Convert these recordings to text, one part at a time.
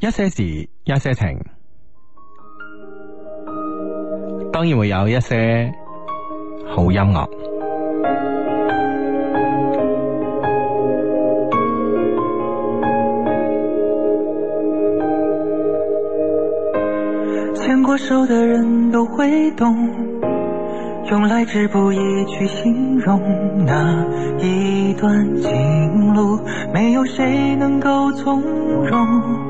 一些事，一些情，當然會有一些好音樂。牽過手的人都會懂，用來之不易去形容那一段情路，沒有誰能夠從容。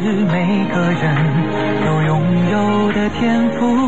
是每個人都擁有的天賦。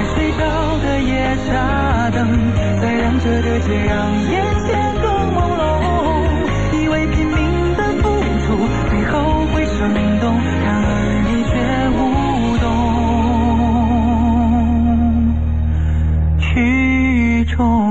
傻等，在亮着的街，讓眼前更朦朧，朧。以為拼命的付出，最後會生動，然而你卻無動於衷。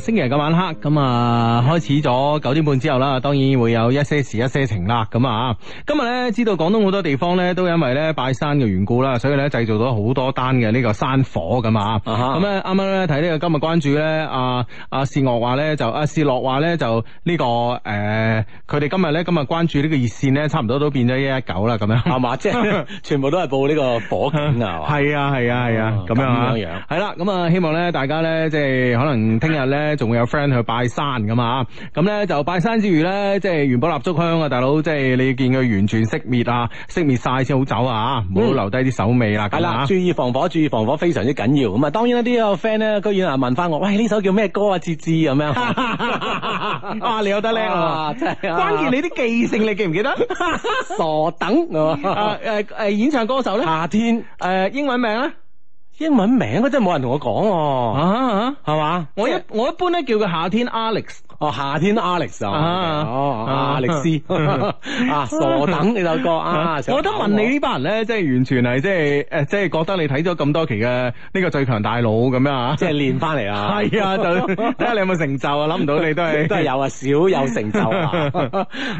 星期日嘅晚黑咁啊，開始咗九點半之後啦，當然會有一些事、一些情啦。咁啊，今日咧知道廣東好多地方咧都因為咧拜山嘅緣故啦，所以咧製造咗好多單嘅呢個山火咁啊，哈 啊。咁咧啱啱咧睇呢個、啊、今日關注咧，阿阿是樂話咧就阿是樂話咧就呢個誒，佢哋今日咧今日關注呢個熱線咧，差唔多都變咗一一九啦咁樣，係嘛？即係全部都係報呢個火警，係啊係啊係啊，咁、啊啊啊啊、樣樣係啦。咁啊、嗯，希望咧大家咧即係可能聽日咧。仲會有 friend 去拜山咁啊，咁咧就拜山之餘咧，即係元寶蠟燭香啊，大佬即係你要見佢完全熄滅啊，熄滅晒先好走啊，唔好、嗯、留低啲手尾啦。係啦，注意防火，注意防火非常之緊要。咁啊，當然啦，啲、呢個 friend 咧，居然啊問翻我，喂，呢首叫咩歌啊？芝芝咁樣。 啊，你有得叻啊！關鍵、啊就是啊、你啲記性，你記唔記得？ 傻等，誒、啊、誒、呃呃，演唱歌手咧？夏天。誒、呃，英文名咧？英文名真我真係冇人同我講哦，啊吓，係嘛？我一、就是、我一般咧叫佢夏天 Alex。哦，夏天 Alex 啊，哦 Alex 啊，傻等呢首歌啊，我都問你呢班人咧，即係完全係即係，即係覺得你睇咗咁多期嘅呢個最強大佬咁樣啊，即係練翻嚟啊，係啊，睇下你有冇成就啊，諗唔到你都係都係有啊，少有成就啊，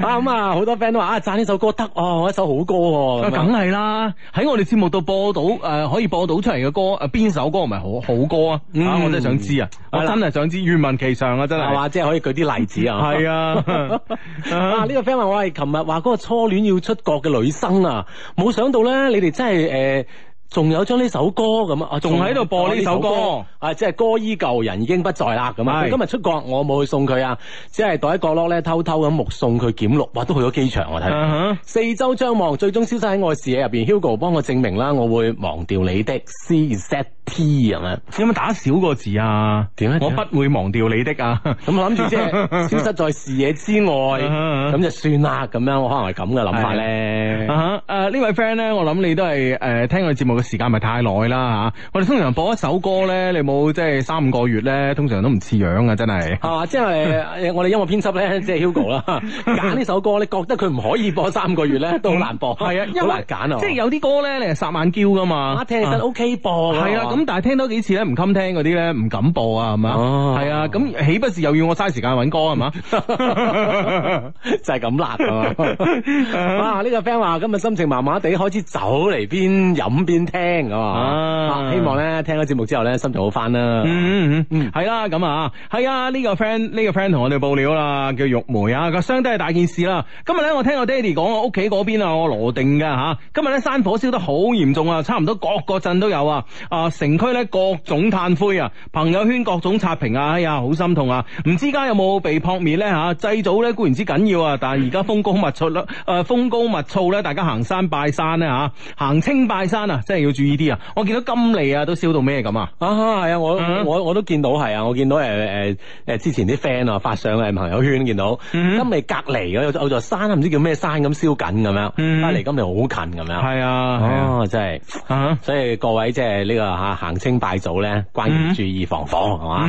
啊咁啊，好多 friend 都話啊，讚呢首歌得哦，一首好歌喎，梗係啦，喺我哋節目度播到誒，可以播到出嚟嘅歌誒，邊首歌唔係好好歌啊？啊，我真係想知啊，我真係想知，願聞其上啊，真係係嘛，即係可以。嗰啲例子啊，係啊！啊呢、 啊啊、個 friend 我係琴日話嗰個初戀要出國嘅女生啊，冇想到咧，你哋真係誒。呃仲有將呢首歌咁啊，仲喺度播呢首歌啊，即係歌依舊，人已經不在啦咁啊。是佢今日出國，我冇去送佢啊，只係袋喺角落咧，偷偷咁目送佢檢錄。哇，都去咗機場我、啊、睇，uh huh. 四周張望，最終消失喺我嘅視野入邊。Uh huh. Hugo，幫我證明啦，我會忘掉你的。C Z T，咁樣有冇打少個字啊？點咧？我不會忘掉你的啊。咁我諗住即係消失在視野之外，咁、uh huh. 就算啦。咁樣我可能係咁嘅諗法咧。啊誒呢位 friend 咧，我諗你都係誒、呃、聽佢節目。時間咪太耐啦吓，我哋通常播一首歌咧，你冇即係三五個月咧，通常都唔似樣啊，真係啊，即係 我哋音樂編輯咧，即係 Hugo 啦，揀呢首歌咧， 你覺得佢唔可以播三個月咧，都好難播，係、嗯、 啊，好難揀啊，即係有啲歌咧，你係殺眼嬌噶嘛，聽起身 OK 播，係啊，咁、啊、但係聽多幾次咧唔襟聽嗰啲咧，唔敢播啊，係嘛，係啊，咁豈、啊、不是又要我嘥時間揾歌係 嘛，就係咁難啊！呢、這個 friend 話今日心情麻麻地，開始走嚟邊飲邊聽啊，啊，希望咧聽咗節目之後咧，心就好翻啦、嗯。嗯嗯嗯，係啦，咁啊，係啊，呢、這個 friend 呢、這個 friend 同我哋報料啦，叫玉梅啊，個相都係大件事啦。今日咧，我聽我爹哋講我屋企嗰邊啊，我羅定嘅吓，今日咧山火燒得好嚴重啊，差唔多各個鎮都有啊，啊城區咧各種炭灰啊，朋友圈各種刷屏啊，哎呀，好心痛啊，唔知家有冇被撲滅咧吓，祭祖咧固然之緊要啊，但係而家風高物燥啦，誒、啊、風高物燥咧，大家行山拜山咧、啊、吓，行清拜山啊，即係。要注意啲啊！我見到金利啊都燒到咩咁啊！啊係啊，我我我都見到係啊，我見到誒誒誒之前啲 friend 啊，發上嚟朋友圈見到、嗯、金利隔籬有座山唔知叫咩山咁燒緊咁樣，樣，嗯、隔籬金利好近咁樣。係、嗯、啊、哦真係，啊啊、所以各位即係呢個吓行清拜祖咧，關於注意防火係嘛，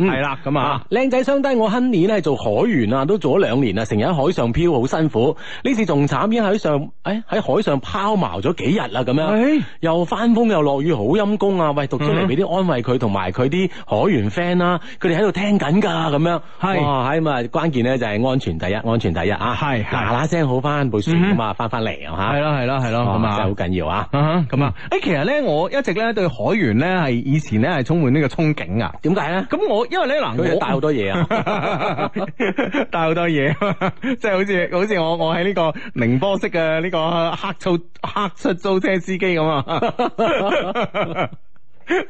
係啦咁啊！靚仔、嗯啊、相低，我今年咧做海員啊，都做咗兩年啊，成日喺海上漂好辛苦，呢次仲慘，已經喺上誒喺海上拋錨咗幾日啦、啊，咁樣、欸又翻風又落雨，好陰功啊！喂，讀出嚟俾啲安慰佢，同埋佢啲海員 friend 啦，佢哋喺度聽緊噶咁樣。係，係啊，關鍵咧就係安全第一，安全第一啊！係，嗱嗱聲好翻部船咁啊嘛，翻翻嚟啊吓！係咯，係咯，係咯，咁啊，真係好緊要啊！咁啊，誒，其實咧，我一直咧對海員咧係以前咧係充滿呢個憧憬啊！點解咧？咁我因為咧嗱，我帶好多嘢啊，帶好多嘢，即係好似好似我我喺呢個寧波式嘅呢個黑租黑出租車司機咁啊！可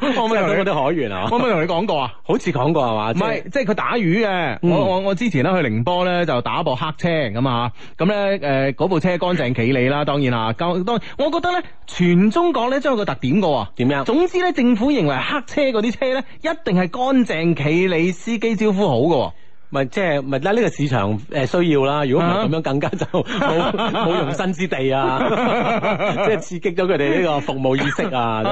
咪同嗰啲海員啊，我咪同你講過啊，好似講過係嘛？唔係，即係佢打魚嘅。我我我之前咧去寧波咧就打部黑車咁啊，咁咧誒嗰部車乾淨企理啦，當然啦，夠多。我覺得咧全中國咧都有個特點嘅，點樣？總之咧政府認為黑車嗰啲車咧一定係乾淨企理，司機招呼好嘅。咪即係咪啦？呢、這個市場誒需要啦。如果唔係咁樣，更加就冇冇容身之地啊！ 即係刺激咗佢哋呢個服務意識啊！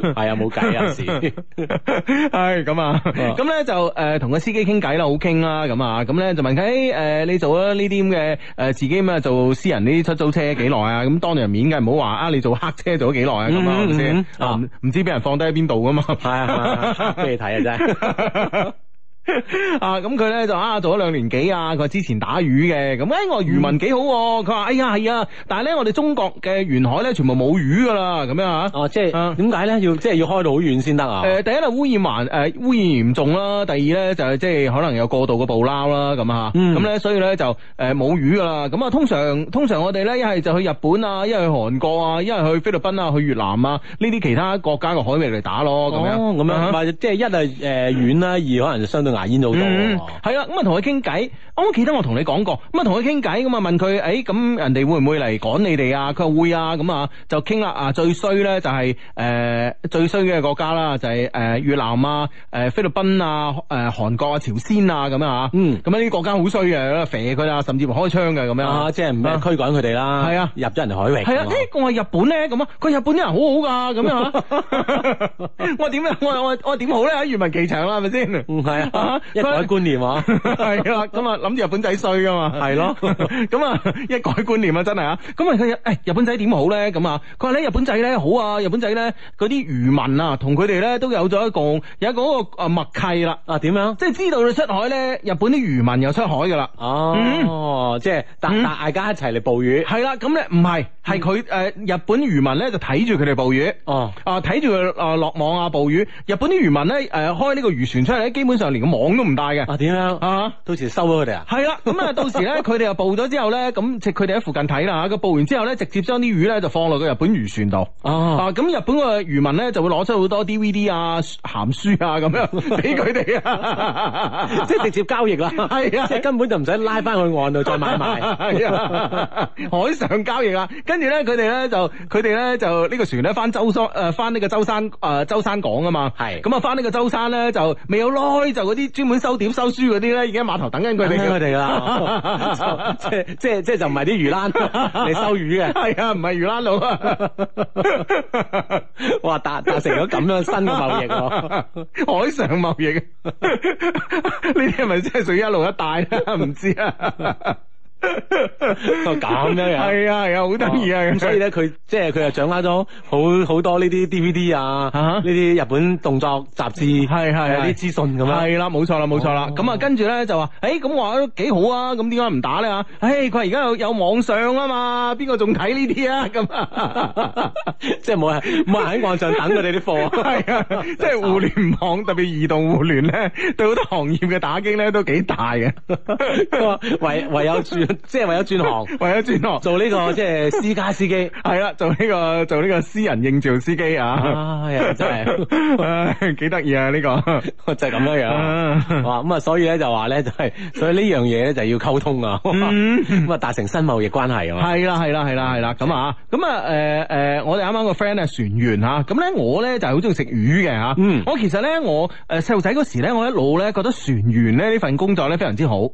係、 哎、啊，冇計有時係咁啊。咁咧、啊、就誒同個司機傾偈啦，好傾啦。咁啊，咁咧、啊、就問佢誒、欸，你做咗呢啲咁嘅誒自己咁啊，做私人呢啲出租車幾耐啊？咁當人面嘅，唔好話啊！你做黑車做咗幾耐啊？咁、嗯嗯嗯嗯、啊，先啊？唔知俾人放低喺邊度噶嘛？係啊，俾你睇啊，真係。 啊，咁佢咧就啊做咗兩年幾啊，佢之前打魚嘅，咁、嗯、誒我漁民幾好、啊，佢話哎呀係啊，但係咧我哋中國嘅沿海咧全部冇魚噶啦，咁樣啊哦，即係點解咧要即係要開到好遠先得遠啊？誒，第一係污染環誒污染嚴重啦，第二咧就即係可能有過度嘅捕撈啦，咁吓、啊、咁、嗯、咧、嗯、所以咧就誒冇、呃、魚噶啦，咁啊通常通常我哋咧一係就去日本啊，一係去韓國啊，一係去菲律賓啊，去越南啊，呢啲其他國家嘅海味嚟打咯，咁樣咁樣，係即係一係誒遠啦，二可能就相對難拿煙好係啦，咁、嗯、啊同佢傾偈，我記得我同你講過，咁啊同佢傾偈，咁啊問佢，誒咁人哋會唔會嚟趕你哋啊？佢話會啊，咁啊就傾啦，啊最衰咧就係、是、誒、呃、最衰嘅國家啦，就係、是、誒越南啊，誒、呃、菲律賓啊，誒、呃、韓國啊朝鮮啊咁啊，嗯，咁呢啲國家好衰嘅，肥佢啦，甚至乎開槍嘅咁樣，啊即係咩驅趕佢哋啦，係啊入咗人哋海域，係啊，啊那我誒，誒我話日本咧，咁啊佢日本啲人好 好噶，咁樣我點咧我我我點好咧喺漁民技場啦係咪先？係啊。 一改觀念啊， 係啊，咁啊諗住日本仔衰噶嘛，係咯 是的，咁 啊一改觀念啊，真係啊，咁啊佢誒日本仔點好咧？咁啊，佢話咧日本仔咧好啊，日本仔咧嗰啲漁民啊，同佢哋咧都有咗一共有一個啊默契啦啊，點樣？即係知道你出海咧，日本啲漁民又出海噶啦，哦、啊，嗯、即係大家一齊嚟捕魚，係啦、嗯，咁咧唔係。係佢誒日本漁民咧，就睇住佢哋捕魚哦，啊睇住佢、呃、落網啊捕魚。日本啲漁民咧誒、呃、開呢個漁船出嚟咧，基本上連個網都唔帶嘅。啊點樣啊？到時收咗佢哋啊？係啦，咁啊到時咧佢哋又捕咗之後咧，咁即佢哋喺附近睇啦嚇。佢捕完之後咧，直接將啲魚咧就放落個日本漁船度。啊，咁、啊、日本個漁民咧就會攞出好多 DVD 啊、鹹書啊咁樣俾佢哋啊，即係 直接交易啦，係啊，即係根本就唔使拉翻去岸度再買賣，係啊，海上交易啊，跟。跟住咧，佢哋咧就，佢哋咧就呢個船咧翻舟、呃、舟山，誒，翻呢個舟山，誒，舟山港啊嘛。係是。咁啊，翻呢個舟山咧就未有耐，就嗰啲專門收點收書嗰啲咧，已經碼頭等緊佢哋，佢哋啦。即即即就唔係啲漁欄嚟收魚嘅。係啊，唔係漁欄佬。 哇，達達成咗咁樣新嘅貿易咯、啊， 海上貿易。呢啲係咪真係屬於一路一帶咧？唔知啊。 咁樣樣係啊係啊，好得意啊！咁、哦、是所以咧，佢即係佢又掌握咗好好，好多呢啲 DVD 啊，呢啲、啊、日本動作雜誌，係係啲資訊咁樣。係、嗯、啦，冇錯啦，冇錯啦。咁啊、嗯嗯，跟住咧就話，誒、欸，咁話都幾好啊，咁點解唔打咧？吓、哎，誒，佢而家有有網上啊嘛，邊個仲睇呢啲啊？咁 啊，即係冇人冇人喺網上等佢哋啲貨啊？係啊，即係互聯網特別移動互聯咧，對好多行業嘅打擊咧都幾大嘅。 唯唯有住。即係為咗轉行， 為咗轉行做呢、這個即係、就是、私家司機，係啦， 做呢、這個做呢個私人應召司機啊！啊，真係，幾得意啊呢個， 就係咁樣樣咁 啊，所以咧就話咧就係、是，所以呢樣嘢咧就要溝通啊，咁啊達成新貿易關係啊嘛，係啦係啦係啦係啦，咁啊咁啊誒誒，我哋啱啱個 friend 咧船員吓，咁咧我咧就係好中意食魚嘅吓，嗯、我其實咧我誒細路仔嗰時咧我一路咧覺得船員咧呢份工作咧非常之好。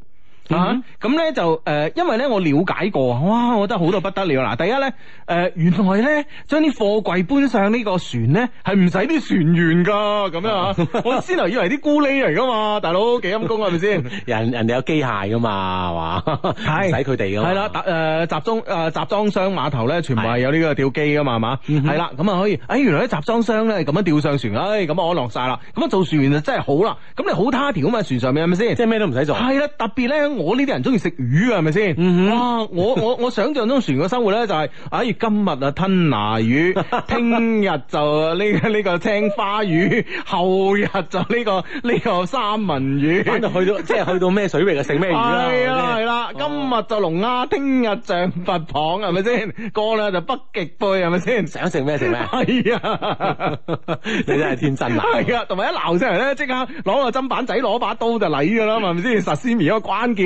咁咧就誒，因為咧我了解過，哇，我覺得好到不得了。嗱，第一咧，誒、呃，原來咧將啲貨櫃搬上呢個船咧，係唔使啲船員噶，咁樣啊。嗯、我先頭以為啲咕喱嚟噶嘛，大佬幾陰功係咪先？人人哋有機械噶嘛，係嘛？係，唔使佢哋噶。係啦，誒，集中誒、呃、集裝箱碼頭咧，全部係有呢個吊機噶嘛，係嘛？係啦、嗯，咁啊可以。誒、嗯，原來啲集裝箱咧咁樣吊上船，唉、哎，咁啊可落晒啦。咁啊做船員就真係好啦。咁你好他條啊嘛，船上面係咪先？是是即係咩都唔使做。係啦，特別咧。我呢啲人中意食魚啊，係咪先？Mm hmm. 哇！我我我想象中船嘅生活咧、就是，就係哎，今日啊吞拿魚，聽日就呢、這、呢、個這個青花魚，後日就呢、這個呢、這個三文魚，去到即係去到咩水域 啊，食咩魚啦？係啦、啊，係、啊、今日就龍蝦，聽日象拔蚌，係咪先？過咧就北極貝，係咪先？想食咩食咩？係啊，的 你真係天真啊！係 啊，同埋一鬧出嚟，咧，即刻攞個砧板仔，攞把刀就嚟噶啦，係咪先？Sashimi 一個關鍵。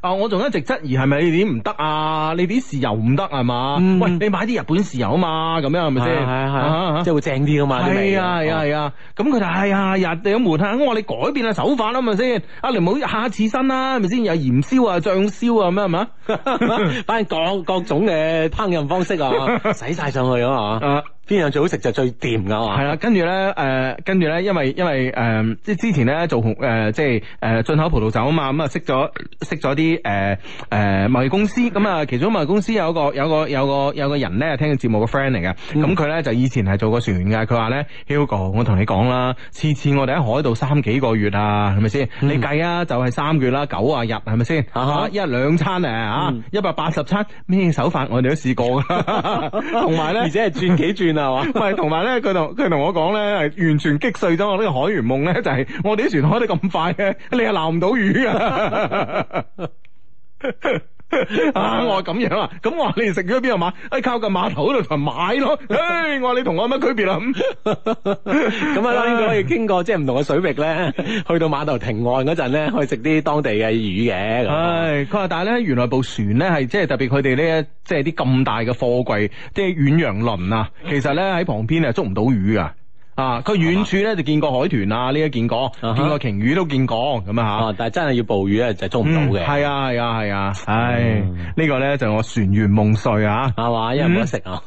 啊！我仲一直質疑係咪你點唔得啊？你啲豉油唔得係嘛？嗯、喂，你買啲日本豉油啊嘛？咁樣係咪先？係係係，啊啊啊、即係會正啲噶嘛？係啊係啊係啊！咁佢就係啊日日悶啊！我話你改變下手法啊，係咪先？啊，你唔好、啊、下下刺身啦，係咪先？又鹽燒啊，醬燒啊，咁樣係咪？反正各各種嘅烹飪方式啊，使晒 上去 啊。邊樣最好食就最掂噶嘛？係啦、 嗯，跟住咧，誒、呃，跟住咧，因為因為誒，即係之前咧做誒，即係誒進口葡萄酒啊嘛，咁、嗯、啊識咗識咗啲誒誒貿易公司，咁、嗯、啊其中貿易公司有一個有一個有個有個人咧，聽緊節目嘅 friend 嚟嘅。咁佢咧就以前係做過船員嘅，佢話咧，Hugo，我同你講啦，次次我哋喺海度三幾個月啊，係咪先？你計、就是、啊，就係三月啦，九啊日係咪先？一日兩餐啊，嚇一百八十餐，咩手法我哋都試過噶，同埋咧，而且係轉幾轉啊！係，同埋咧，佢同佢同我講咧，係完全擊碎咗我呢個海員夢咧，就係、是、我哋啲船開得咁快嘅，你係撈唔到魚啊。 啊！我咁樣啊，咁我話你食魚喺邊度買？誒，靠近碼頭度同埋買咯。誒、哎， 我話你、 就是、同我有乜區別啊？咁咁啊，可以經過即係唔同嘅水域咧，去到碼頭停岸嗰陣咧，可以食啲當地嘅魚嘅。唉，佢話 但係咧，原來部船咧係即係特別佢哋呢即係啲咁大嘅貨櫃，即係遠、就是、洋輪啊，其實咧喺旁邊啊捉唔到魚啊。啊！佢遠處咧就嗎見過海豚啊，呢、這、啲、個、見過，uh huh。見過鯨魚都見過咁啊嚇，啊！但係真係要捕魚咧就是、捉唔到嘅。係、嗯、啊係啊係啊，啊！唉，嗯、個呢個咧就是、我船員夢碎啊嚇，係嘛？因為冇得食啊！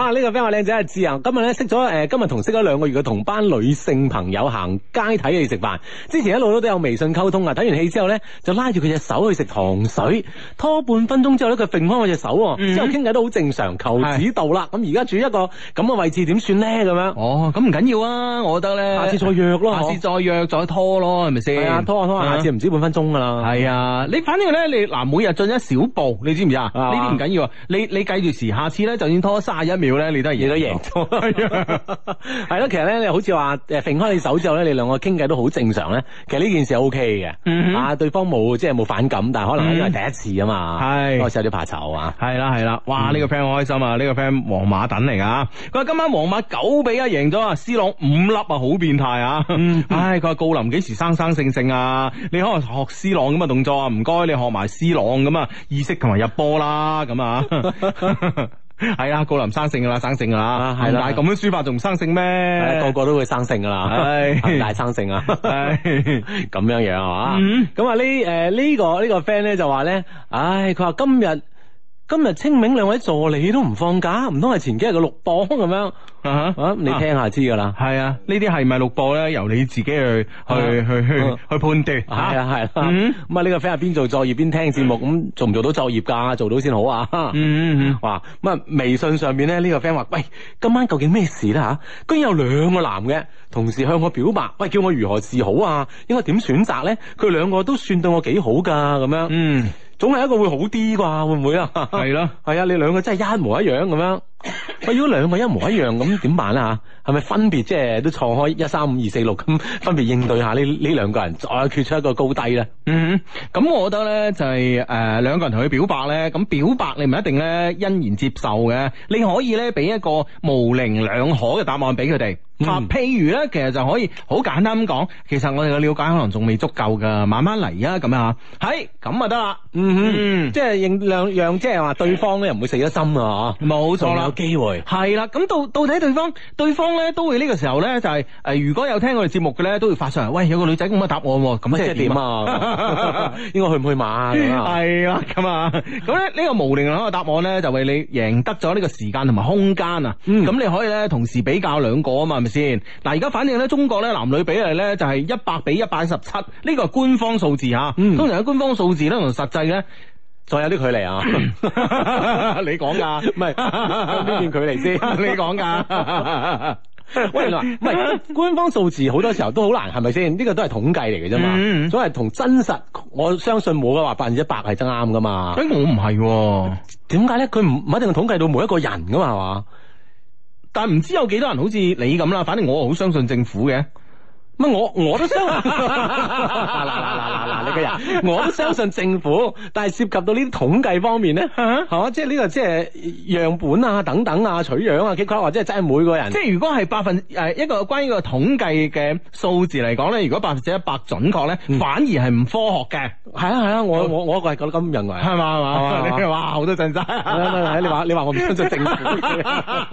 啊，呢個 f r 我靚仔知啊！今日咧識咗誒，今日同識咗、呃、兩個月嘅同班女性朋友行街睇戲食飯，之前一路都有微信溝通啊。睇完戲之後咧就拉住佢隻手去食糖水，拖半分鐘之後咧佢揈開我隻手喎，嗯、之後傾偈都好正常，求指導啦。咁而家住一個咁嘅位置點算咧？咁樣。哦，咁唔緊要啊，我覺得咧，下次再約咯，下次再約再拖咯，係咪先？拖下拖下，下次唔止半分鐘噶啦。係啊，你反正咧，你嗱每日進一小步，你知唔知啊？呢啲唔緊要啊，你你計住時，下次咧就算拖三十一秒咧，你都贏，你都贏咗。係咯，其實咧，你好似話誒甩開你手之後咧，你兩個傾偈都好正常咧。其實呢件事係 O K 嘅，啊，對方冇即係冇反感，但係可能因為第一次啊嘛，係，開始有啲怕醜啊。係啦係啦，哇，呢個 friend 好開心啊，呢個 friend 皇馬等嚟噶，佢話今晚皇馬九比。依家贏咗啊！C 朗五粒啊，好變態啊！嗯、唉，佢話郜林幾時生生性性啊？你可能學 C 朗咁嘅動作啊？唔該，你學埋 C 朗咁啊意識同埋入波啦咁啊！係啊, 啊，郜林生性噶啦，生性啊！係啦、啊，咁樣輸法仲唔生性咩、啊？個個都會生性噶啦，恒、哎、大生性 啊！咁樣樣啊？咁啊、呃這個這個、呢？誒呢個呢個 friend 咧就話咧，唉，佢話今日。今日清明，兩位助理都唔放假，唔通係前幾日嘅錄播咁樣？吓、 啊， 你聽下知噶啦。係啊，啊是是呢啲係咪錄播咧？由你自己去去去去去判斷吓，係啊，係啊。咁啊，呢個 friend 邊做作業邊聽節目，咁、嗯、做唔做到作業噶？做到先好啊。嗯嗯嗯。話咁啊，微信上邊咧呢個 friend 話：，喂，今晚究竟咩事咧？吓，居然有兩個男嘅同時向我表白，喂，叫我如何是好啊？應該點選擇咧？佢兩個都算對我幾好噶，咁樣。嗯。總係一個會好啲啩，會唔會啊？係 啦的，係啊， 你兩個真係一模一樣咁樣。如果兩個一模一樣咁點辦啊？係咪分別即係都錯開一三五二四六咁分別應對下呢？呢兩個人再決出一個高低呢。嗯，咁我覺得咧就係誒兩個人同佢表白咧，咁表白你唔一定咧欣然接受嘅，你可以咧俾一個模棱兩可嘅答案俾佢哋。啊，譬如咧，其實就可以好簡單咁講，其實我哋嘅了解可能仲未足夠噶，慢慢嚟啊，咁樣啊，係咁啊得啦。嗯，即係認兩樣即係話對方咧又唔會死咗心啊，嗬，冇錯啦。有機會係啦，咁到到底對方對方咧都會呢個時候呢，就係、是、誒、呃，如果有聽我哋節目嘅呢，都會發上嚟，喂，有個女仔咁嘅答案，咁即係點啊？應該 去唔去馬啊？係啊， 咁啊，咁咧呢個無厘頭嘅答案呢，就為你贏得咗呢個時間同埋空間啊！咁、嗯、你可以呢，同時比較兩個啊嘛，係咪先？嗱，而家反正呢，中國呢，男女比例呢，就係一百比一百一十七，呢個係官方數字吓，嗯、通常喺官方數字呢，同實際呢。再有啲距離啊！ 你講說噶的，唔 係 邊段距離先？ 你講說噶的。 喂，唔係官方數字好多時候都好難，係咪先？呢、這個都係統計嚟嘅啫嘛，嗯、所以同真實我相信冇嘅話，百分之一百係真啱㗎嘛。所以、欸、我唔係喎，點解咧？佢唔唔一定統計到每一個人㗎嘛，係嘛？但係唔知有幾多人好似你咁啦，反正我好相信政府嘅。乜我我都相信嗱嗱嗱嗱嗱你個人，我都相信政府，但係涉及到呢啲統計方面咧，嚇、啊，即係呢個即係樣本啊、等等啊、取樣啊、幾啊或者係真係每個人。即係如果係百分誒、呃、一個關於個統計嘅數字嚟講咧，如果百分之一百準確咧，嗯、反而係唔科學嘅。係、嗯、啊係啊，我、嗯、我我個係覺得咁認為。係嘛係嘛係嘛，哇，好多陣勢。 你話你話我唔相信政府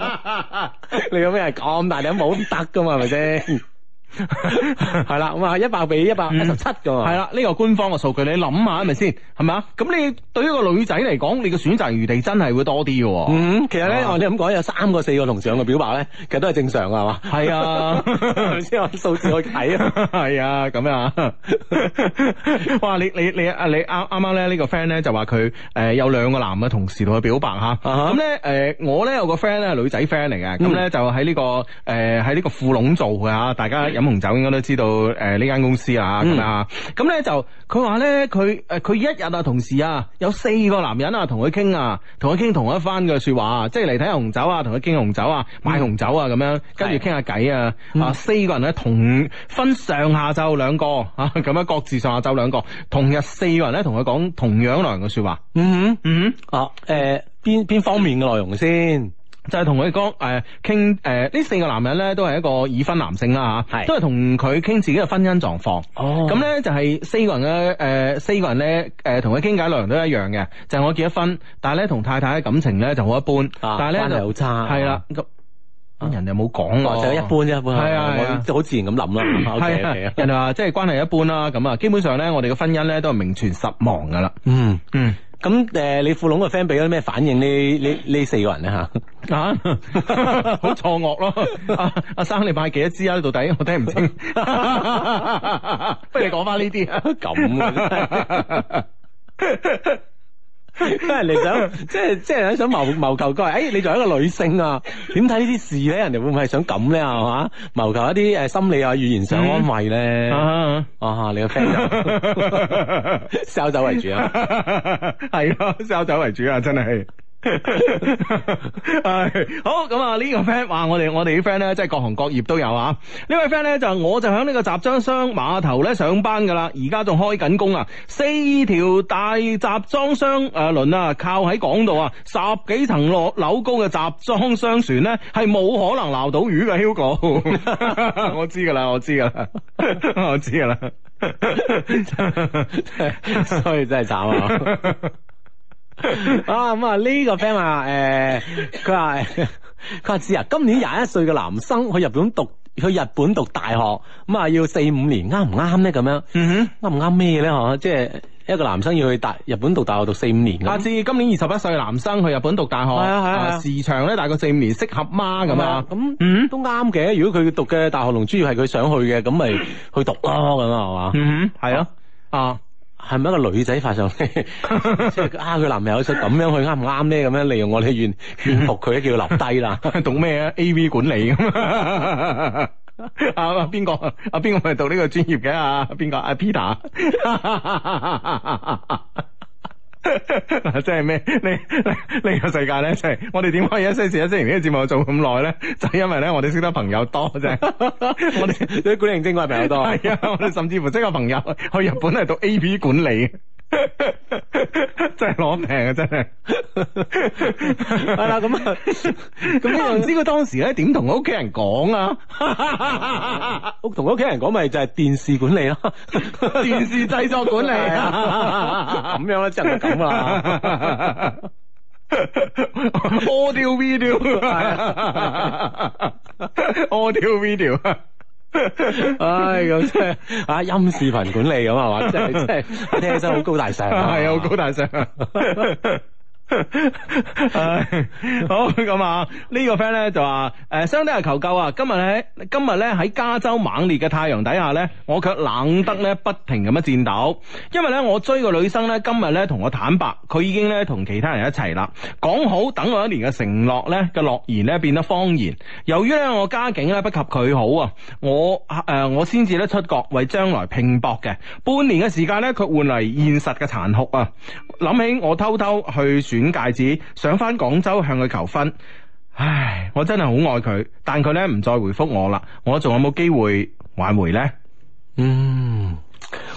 你有咩咁大膽，冇得㗎嘛係咪先？ 係 啦、嗯，咁啊一百比一百一十七噶，係啦呢個官方嘅數據，你諗下係咪先？係咪啊？咁你對於個女仔嚟講，你嘅選擇餘地真係會多啲嘅。嗯，其實咧我哋咁講，有三個四個同事向佢表白咧，其實都係正常噶，係嘛？係啊，係咪先？數字去睇啊，係 啊，咁啊， 哇！你你你，你，你剛剛啊，你啱啱咧呢個 friend 咧就話佢誒有兩個男嘅同事同佢表白吓。咁咧誒，我咧有個 friend 咧女仔 friend 嚟嘅，咁咧就喺呢個誒喺呢個富隆做嘅吓，大家有。紅酒應該都知道誒呢間公司啊，咁啊，咁咧、嗯、就佢話咧佢誒佢一日啊同時啊有四個男人啊同佢傾啊，同佢傾同一番嘅說話，即係嚟睇紅酒啊，同佢傾紅酒啊，買紅酒啊咁樣，跟住傾下偈啊，啊四個人咧同分上下晝兩個啊，咁樣各自上下晝兩個，同日四個人咧同佢講同樣內容嘅說話。嗯哼嗯哼嗯哼，啊誒邊邊方面嘅內容先？就係同佢講誒，傾誒，呢、呃、四個男人咧都係一個已婚男性啦吓，是都係同佢傾自己嘅婚姻狀況。哦，咁咧就係四個人咧，誒、呃，四個人咧，誒、呃，同佢傾偈內容都一樣嘅，就係、是、我結咗婚，但係咧同太太嘅感情咧就好一般，但係咧就好差係啦，咁人哋冇講啊，就一般一般係啊，即係好自然咁諗啦，係 啊，okay, okay, 人哋話即係關係一般啦，咁啊，基本上咧我哋嘅婚姻咧都係名存實亡噶啦，嗯嗯。咁誒，你富隆嘅 friend 俾咗咩反應呢？你呢四個人咧吓？啊，好、啊、 錯愕咯！阿、 啊、生，你買幾多支啊？到底我聽唔清， 不如你講翻呢啲啊？咁 因為你想即係即係想謀謀求佢，誒、欸，你作為一個女性啊，點睇呢啲事咧？人哋會唔會想咁咧？係、啊、嘛，謀求一啲誒心理啊語言上安慰咧、嗯？啊，啊啊你個 friend 就收走為主啊，係咯，收走為主啊，真係。 係、 哎、好咁啊！這這個呢個 friend 話我哋我哋啲 friend 咧，即係各行各業都有啊！位呢位 friend 咧就是、我就喺呢個集裝箱碼頭咧上班噶啦，而家仲開緊工啊！四條大集裝箱誒輪啊，靠喺港度啊，十幾層樓高嘅集裝箱船咧，係冇可能撈到魚嘅，香港 我知噶啦，我知噶啦， 我知噶啦， 所以真係慘啊！ 啊咁啊呢個 friend 啊，誒，佢話佢話子啊，今年廿一歲嘅男生去日本讀去日本讀大學，咁啊要四五年，啱唔啱咧？咁樣，嗯哼，啱唔啱咩咧？嗬，即係一個男生要去大日本讀大學讀四五年，啊，至今年二十一歲嘅男生去日本讀大學，係啊係啊，時長咧大概四五年，適合嗎？咁啊，咁嗯都啱嘅。如果佢讀嘅大學同專業係佢想去嘅，咁咪去讀咯，咁樣係嘛，嗯哼，係咯，啊。係咪一個女仔發上嚟，即 係、就是、啊佢男朋友想咁樣去，啱唔啱咧？咁樣利用我哋勸勸服佢，叫佢留低啦，讀 咩 A.V. 管理咁 啊？邊個啊？邊個係讀呢個專業嘅啊？邊個啊？Peter。 嗱，即係咩？你呢個世界咧，即、就、係、是、我哋點可以一星期一星期呢個節目做咁耐咧？就是、因為咧，我哋識得朋友多啫。 我哋啲管理正我係朋友多。係啊， 我哋甚至乎識個朋友去日本係讀 A P 管理。真係攞命啊！真係係 啦，咁啊，咁你又知佢當時咧點同屋企人講啊？屋同屋企人講咪就係電視管理咯，電視製作管理啊，咁樣咧真係咁啦！Audio video，Audio video。唉、 哎，咁即係啊，音視頻管理咁係嘛？即係即係聽起身好高大上，係啊，好、 啊、高大上、啊。 uh, 好咁啊！這個、呢個 friend 咧就話，誒、呃，相當係求救啊！今日咧今日咧喺加州猛烈嘅太陽底下咧，我卻冷得咧不停咁樣顫抖，因為咧我追個女生咧，今日咧同我坦白，佢已經咧同其他人一齊啦。講好等我一年嘅承諾咧嘅諾言咧變得謊言。由於咧我家境咧不及佢好啊，我誒、呃、我先至咧出國為將來拼搏嘅半年嘅時間咧，佢換嚟現實嘅殘酷啊！諗起我偷偷去選。五戒指，想翻廣州向佢求婚。唉，我真係好愛佢，但佢咧唔再回復我啦。我仲有冇機會挽回咧？嗯，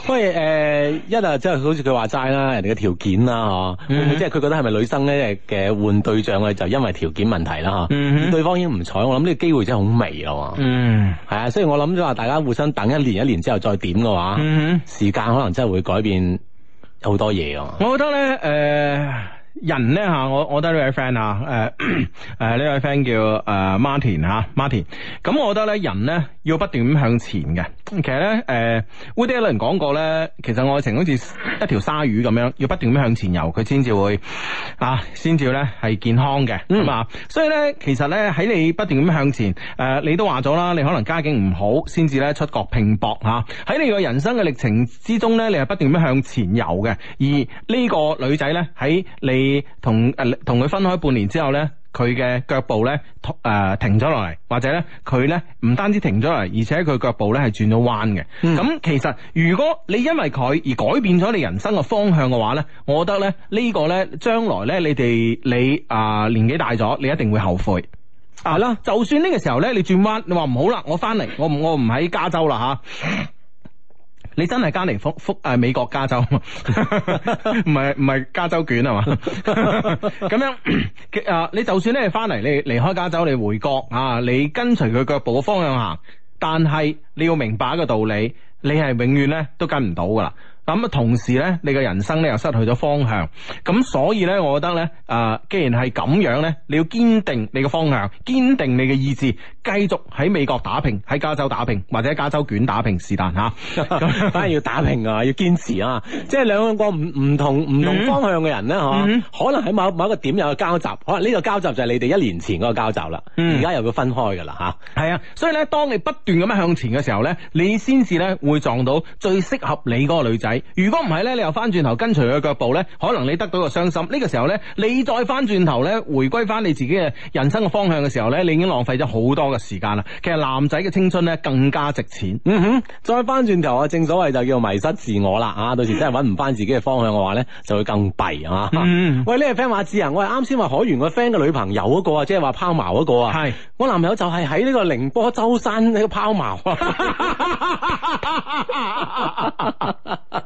喂誒、呃，一就啊，即係好似佢話齋啦，人哋嘅條件啦，嗬，會唔會即係佢覺得係咪女生咧嘅換對象咧就因為條件問題啦、啊？嗬，嗯，對方已經唔睬我，諗呢個機會真係好微啊。嗯，係啊，所以我諗咗話大家互相等一年一年之後再點嘅話，嗯，嗯，時間可能真係會改變好多嘢啊。我覺得咧，誒、呃。人咧吓，我我覺得呢位 friend、呃、啊，誒誒呢位 friend 叫誒 Martin 吓 Martin 咁我覺得咧人咧要不斷咁向前嘅。其實咧，誒，Woody Allen 講過咧，其實愛情好似一條鯊魚咁樣，要不斷咁向前游，佢先至會啊，先至咧係健康嘅，係嘛，嗯。所以咧，其實咧喺你不斷咁向前，誒，呃，你都話咗啦，你可能家境唔好，先至咧出國拼搏吓。喺，啊、你個人生嘅歷程之中咧，你係不斷咁向前游嘅。而呢個女仔咧，喺你同誒同佢分開半年之後咧。佢嘅腳步呢誒、呃、停咗落嚟，或者呢，佢呢唔單止停咗落嚟，而且佢腳步呢係轉咗彎嘅。咁、嗯、其實如果你因為佢而改變咗你人生嘅方向嘅話呢，我覺得呢，呢、呢個呢，將來呢，你哋你啊、呃、年紀大咗，你一定會後悔。啊啦，就算呢個時候呢，你轉彎，你話唔好啦，我翻嚟，我唔我唔喺加州啦嚇。你真係加尼福福誒、呃、美國加州，唔係唔係加州卷係嘛？咁 樣啊， 你就算咧翻嚟，你離開加州，你回國啊，你跟隨佢腳步嘅方向行，但係你要明白一個道理，你係永遠咧都跟唔到噶啦。咁啊，同時咧，你嘅人生咧又失去咗方向。咁所以咧，我覺得咧，啊，既然係咁樣咧，你要堅定你嘅方向，堅定你嘅意志，繼續喺美國打拼，喺加州打拼，或者加州卷打拼是但吓，反正 要打拼啊，要堅持啊。即係兩個唔唔同唔、嗯、同方向嘅人咧，吓、啊，嗯、可能喺某某一個點有個交集，可能呢個交集就係你哋一年前個交集啦。而家、嗯、又要分開嘅啦嚇。係啊，啊，所以咧，當你不斷咁樣向前嘅時候咧，你先至咧會撞到最適合你個女仔。如果唔係咧，你又翻轉頭跟隨佢腳步咧，可能你得到個傷心。呢個時候咧，你再翻轉頭咧，回歸翻你自己嘅人生嘅方向嘅時候咧，你已經浪費咗好多嘅時間啦。其實男仔嘅青春咧更加值錢。嗯哼，再翻轉頭啊，正所謂就叫迷失自我啦啊！到時真係揾唔翻自己嘅方向嘅話咧，就會更弊啊！嗯，喂，呢個 friend 話字啊，我係啱先話海源個 friend 嘅女朋友嗰個啊，即係話拋錨嗰個啊。係是，我男朋友就係喺呢個寧波舟山呢個拋錨啊。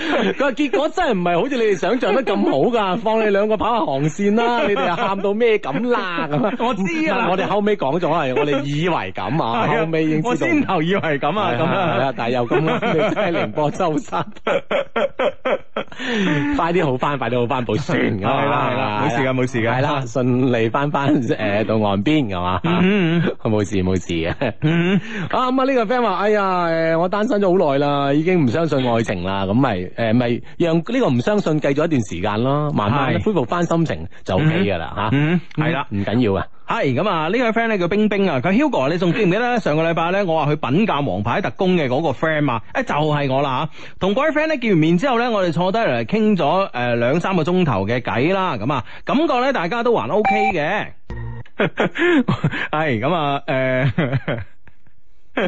佢話 結果真係唔係好似你哋想象得咁好噶，放你兩個跑下航線啦，你哋又喊到咩咁啦咁。我知啊，我哋後尾講咗係，我哋以為咁啊，後尾我先頭以為咁啊，咁啊，但係又咁啊，你真係凌波周身。快啲好翻，快啲好翻部船。係啦係啦，冇事噶冇事噶。係啦，順利翻翻誒到岸邊係嘛，好冇事冇事啊。嗯嗯，啊咁啊呢個 friend 話，哎呀誒，我單身咗好耐啦，已經唔相信愛情啦，咁咪。誒，咪、呃、讓呢個唔相信，計咗一段時間咯，慢慢恢復翻心情就 OK 噶啦吓，係啦、嗯，唔緊要噶。係咁啊，呢位 friend 咧叫冰冰啊，佢 Hugo，你仲記唔記得上個禮拜咧，我話去品鑒《王牌特工》嘅嗰個 friend 啊，誒，就係、是、我啦，同嗰啲 friend 咧見完面之後咧，我哋坐低嚟傾咗誒兩三個鐘頭嘅偈啦，咁啊，感覺咧大家都還 OK 嘅，係咁 啊，誒、呃。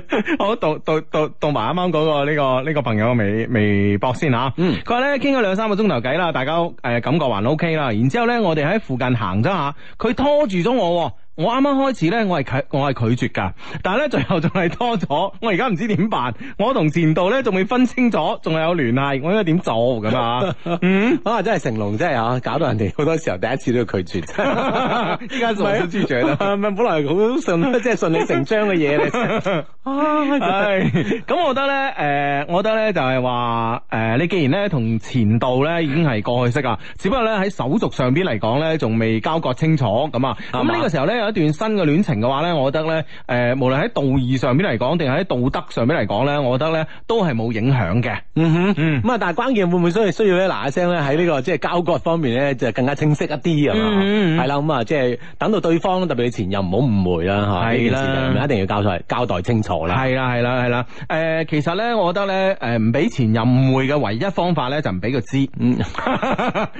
好到到到到埋啱啱嗰個呢、這個呢、這個朋友微微博先吓、啊，嗯，佢話咧傾咗兩三個鐘頭偈啦，大家誒、呃、感覺還 OK 啦，然之後咧我哋喺附近行咗下，佢拖住咗我、啊。我啱啱開始咧，我係拒、我係拒絕噶，但係咧最後仲係多咗，我而家唔知點辦。我同前度咧仲未分清楚，仲係有聯繫，我應該點做咁啊？嗯，可能、啊、真係成龍真係吓，搞到人哋好多時候第一次都要拒絕。依家做都拒絕啦，唔本來係好順，即係順理成章嘅嘢嚟。啊，係咁、 啊 啊、呃，我覺得咧，誒、就是，我覺得咧就係話，誒，你既然咧同前度咧已經係過去式啊，只不過咧喺手續上邊嚟講咧仲未交割清楚咁啊。咁呢 個時候咧，有一段新嘅戀情嘅話咧，我覺得咧，誒，無論喺道義上邊嚟講，定係喺道德上邊嚟講咧，我覺得咧，都係冇影響嘅。嗯哼，咁啊，但係關鍵會唔會需需要咧嗱一聲咧喺呢個即係交割方面咧，就更加清晰一啲啊嘛，係啦，咁啊，即係等到對方特別你前任唔好誤會啦，吓，呢啲前任一定要交代交代清楚啦，係啦，係啦，係啦。誒，其實咧，我覺得咧，誒，唔俾前任誤會嘅唯一方法咧，就唔俾佢知，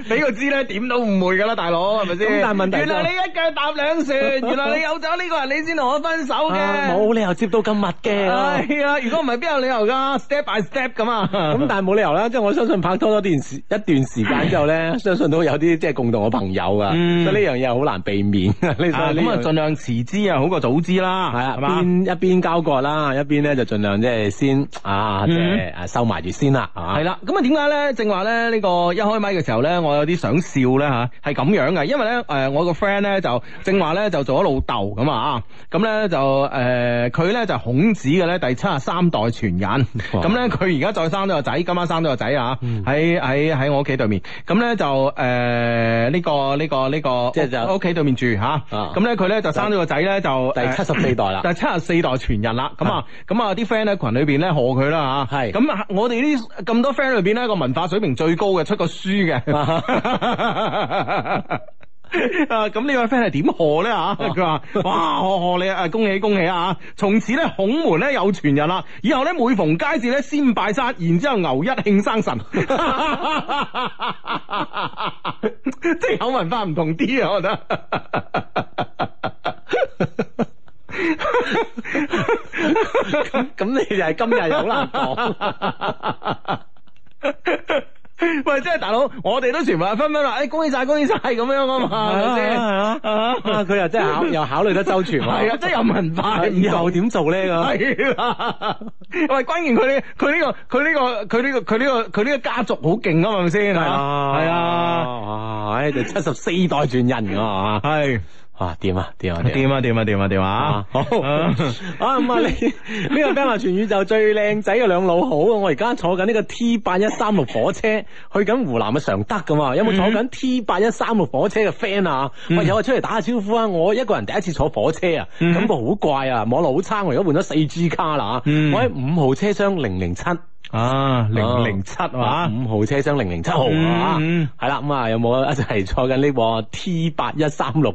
俾佢知咧，點都誤會㗎啦，大佬係咪先？咁但係問題，原來你一腳踏兩船。原來你有咗呢個，人，你先同我分手嘅，冇理由接到咁密嘅。啊，如果唔係邊有理由噶？step by step 咁啊。咁但係冇理由啦，即係我相信拍拖咗一段時間之後咧，相信都有啲即係共同嘅朋友噶。嗯，所以呢樣嘢好難避免。啊，咁啊盡量遲知啊好過早知啦。係啊，邊一邊交割啦，一邊咧就盡量即係先啊，即係收埋住先啦，係嘛。係啦，咁啊點解咧？正話咧呢個一開麥嘅時候咧，我有啲想笑咧吓，係咁樣嘅，因為咧誒我個 friend 咧就正話咧就。做咗老豆咁啊，咁咧就誒，佢咧就孔子嘅咧第七十三代傳人，咁咧佢而家再生咗個仔，今晚生咗個仔啊！喺喺喺我屋企對面，咁咧就誒，呢、呃這個呢、這個呢、這個即是 屋屋企對面住吓，咁咧佢咧就生咗個仔咧、啊、就第七十四代啦， 第七十四代傳人啦，咁啊，咁啊啲 friend 喺群裏邊咧賀佢啦吓，係，咁啊，我哋呢咁多 friend 裏邊咧個文化水平最高嘅出過書嘅。 啊！咁呢位 friend 係點賀咧吓？佢、啊、話，哇！賀賀你啊，恭喜恭喜啊！從此咧孔門咧有傳人啦，以後咧每逢街市咧先拜山，然之後牛一慶生神， 即係口文化唔同啲啊！我覺得咁 你就係今日好難講。 喂，即係大佬，我哋都全部分分啦，哎，恭喜晒，恭喜晒咁樣啊嘛，係咪先？啊，佢又真係考，又考慮得周全，係啊，真係有文化，以後點做咧咁？係喂，關鍵佢呢，佢呢個，佢呢個，佢呢個，佢呢個，佢呢個家族好勁啊嘛，咪先？係啊，係、哎、啊，唉，就七十四代傳人嘛。係。哇！點啊點啊點啊點啊點啊點 啊！好啊，唔係你呢個《Banner 全宇宙》最靚仔嘅兩老好啊！我而家坐緊呢個 T 八一三六火車去緊湖南嘅常德㗎嘛！有冇坐緊 T 八一三六火車嘅 friend 啊？喂， 有我出嚟打下招呼啊！我一個人第一次坐火車啊，感覺好怪啊，網絡好差，我而家換咗四 G 卡啦啊！ 我喺五號車廂零零七。啊，零零七啊，五、啊、號車廂零零七號啊，係啦、嗯，咁啊有冇一齊坐緊呢個 T 八一三六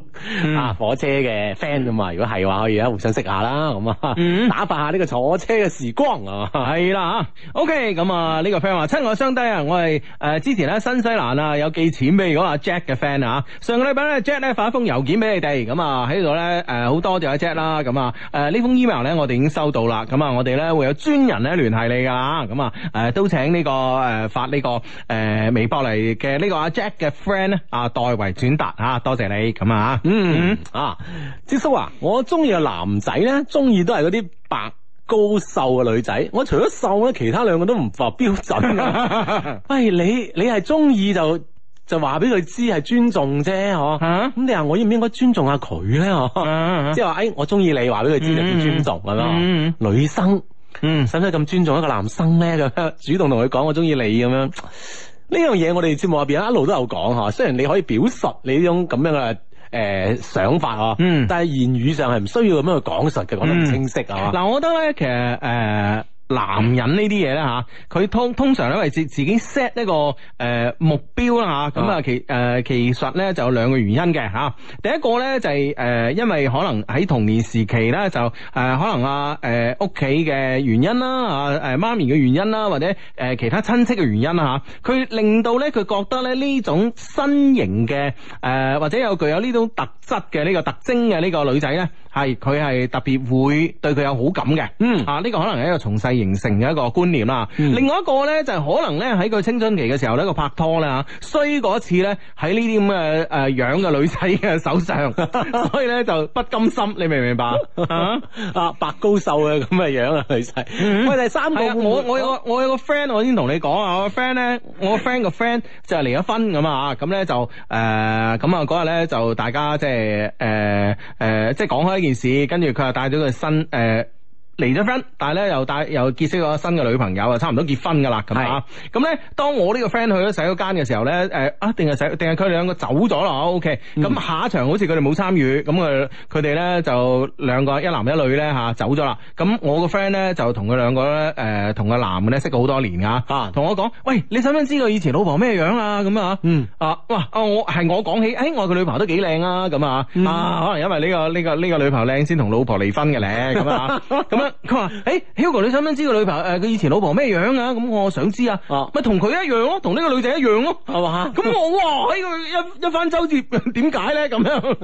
啊火車嘅 friend 咁啊？如果係嘅話，可以啊互相識下啦，咁、嗯、啊，嗯、打發下呢個坐車嘅時光啊，係啦 OK 咁啊呢個 friend 啊，親愛雙低啊，我係誒之前咧新西蘭啊有寄錢俾如果阿 Jack 嘅 friend 啊，上個禮拜咧 Jack 咧發一封郵件俾你哋，咁啊喺度咧誒好多謝阿 Jack 啦，咁啊誒呢封 email 咧我哋已經收到啦，咁啊我哋咧會有專人咧聯繫你噶，咁啊。誒、啊，都請呢、這個誒、呃、發呢、這個誒、呃、微博嚟嘅呢個阿 Jack 嘅 friend 咧、啊，啊代為轉達吓，多謝你咁啊，嗯，嗯啊，傑叔啊，啊，我中意嘅男仔咧，中意都係嗰啲白高瘦嘅女仔，我除咗瘦咧，其他兩個都唔符合標準、啊。喂，你你係中意就就話俾佢知係尊重啫，嗬、啊？咁、啊、你話我應唔應該尊重下佢咧？即係話誒，我中意你，話俾佢知就叫尊重，係、啊、咪、啊？女生。 嗯，使唔使咁尊重一個男生咧？咁 主動同佢講我中意你，咁樣，呢樣嘢我哋節目入邊一路都有講嗬。雖然你可以表述你呢種咁樣嘅誒想法嗬，嗯、但係言語上係唔需要咁樣去講實嘅，講得唔清晰啊。嗱、嗯吧嗯，我覺得咧，其實誒。呃男人呢啲嘢咧吓佢通通常咧，為自自己 set 一個誒目標啦吓，咁啊其誒其實咧就有兩個原因嘅。吓第一個咧就係誒因為可能喺童年時期咧就誒可能啊誒屋企嘅原因啦嚇，誒媽咪嘅原因啦，或者誒其他親戚嘅原因啦吓佢令到咧佢覺得咧呢種身形嘅誒或者有具有呢種特質嘅呢個特徵嘅呢個女仔咧，係佢係特別會對佢有好感嘅。嗯啊呢個可能係一個從細。形成嘅一個觀念啦，嗯、另外一個咧就係可能咧喺佢青春期嘅時候咧佢拍拖咧吓，衰嗰次咧喺呢啲咁嘅誒樣嘅女仔嘅手上， 所以咧就不甘心，你明唔明白啊？ 白高瘦嘅咁嘅樣啊，女仔。喂， 第三個我我我有個 friend 我先同你講啊，我個 friend 咧我個 friend 個 friend 就係離咗婚咁啊，咁咧就誒咁啊嗰日咧就大家即係誒誒即係講開一件事，跟住佢又帶咗佢新誒。呃嚟咗 friend，但係咧又帶又結識咗新嘅女朋友，啊差唔多結婚噶啦，咁啊，咁咧是當我呢個 friend 去咗洗手間嘅時候咧，誒、呃、啊，定係洗定係佢兩個走咗咯，OK，咁、嗯嗯、下一場好似佢哋冇參與，咁佢佢哋咧就兩個一男一女咧嚇走咗啦，咁我個 friend 咧就同佢兩個咧誒同個男嘅咧識咗好多年啊，啊，同我講，喂、嗯，你想唔想知道以前老婆咩、嗯、 樣啊？咁啊，嗯，啊，哇，啊我係我講起，誒我個女朋友都幾靚啊，咁啊，啊可能因為呢個呢個呢個女朋友靚先同老婆離婚嘅咧，咁啊，咁佢話：誒，Hugo，你想唔想知個女朋友誒，佢以前老婆咩樣啊？咁我想知啊。咪同佢一樣咯，同呢個女仔一樣咯，係嘛？咁我話喺佢一一番周折，點解咧咁樣？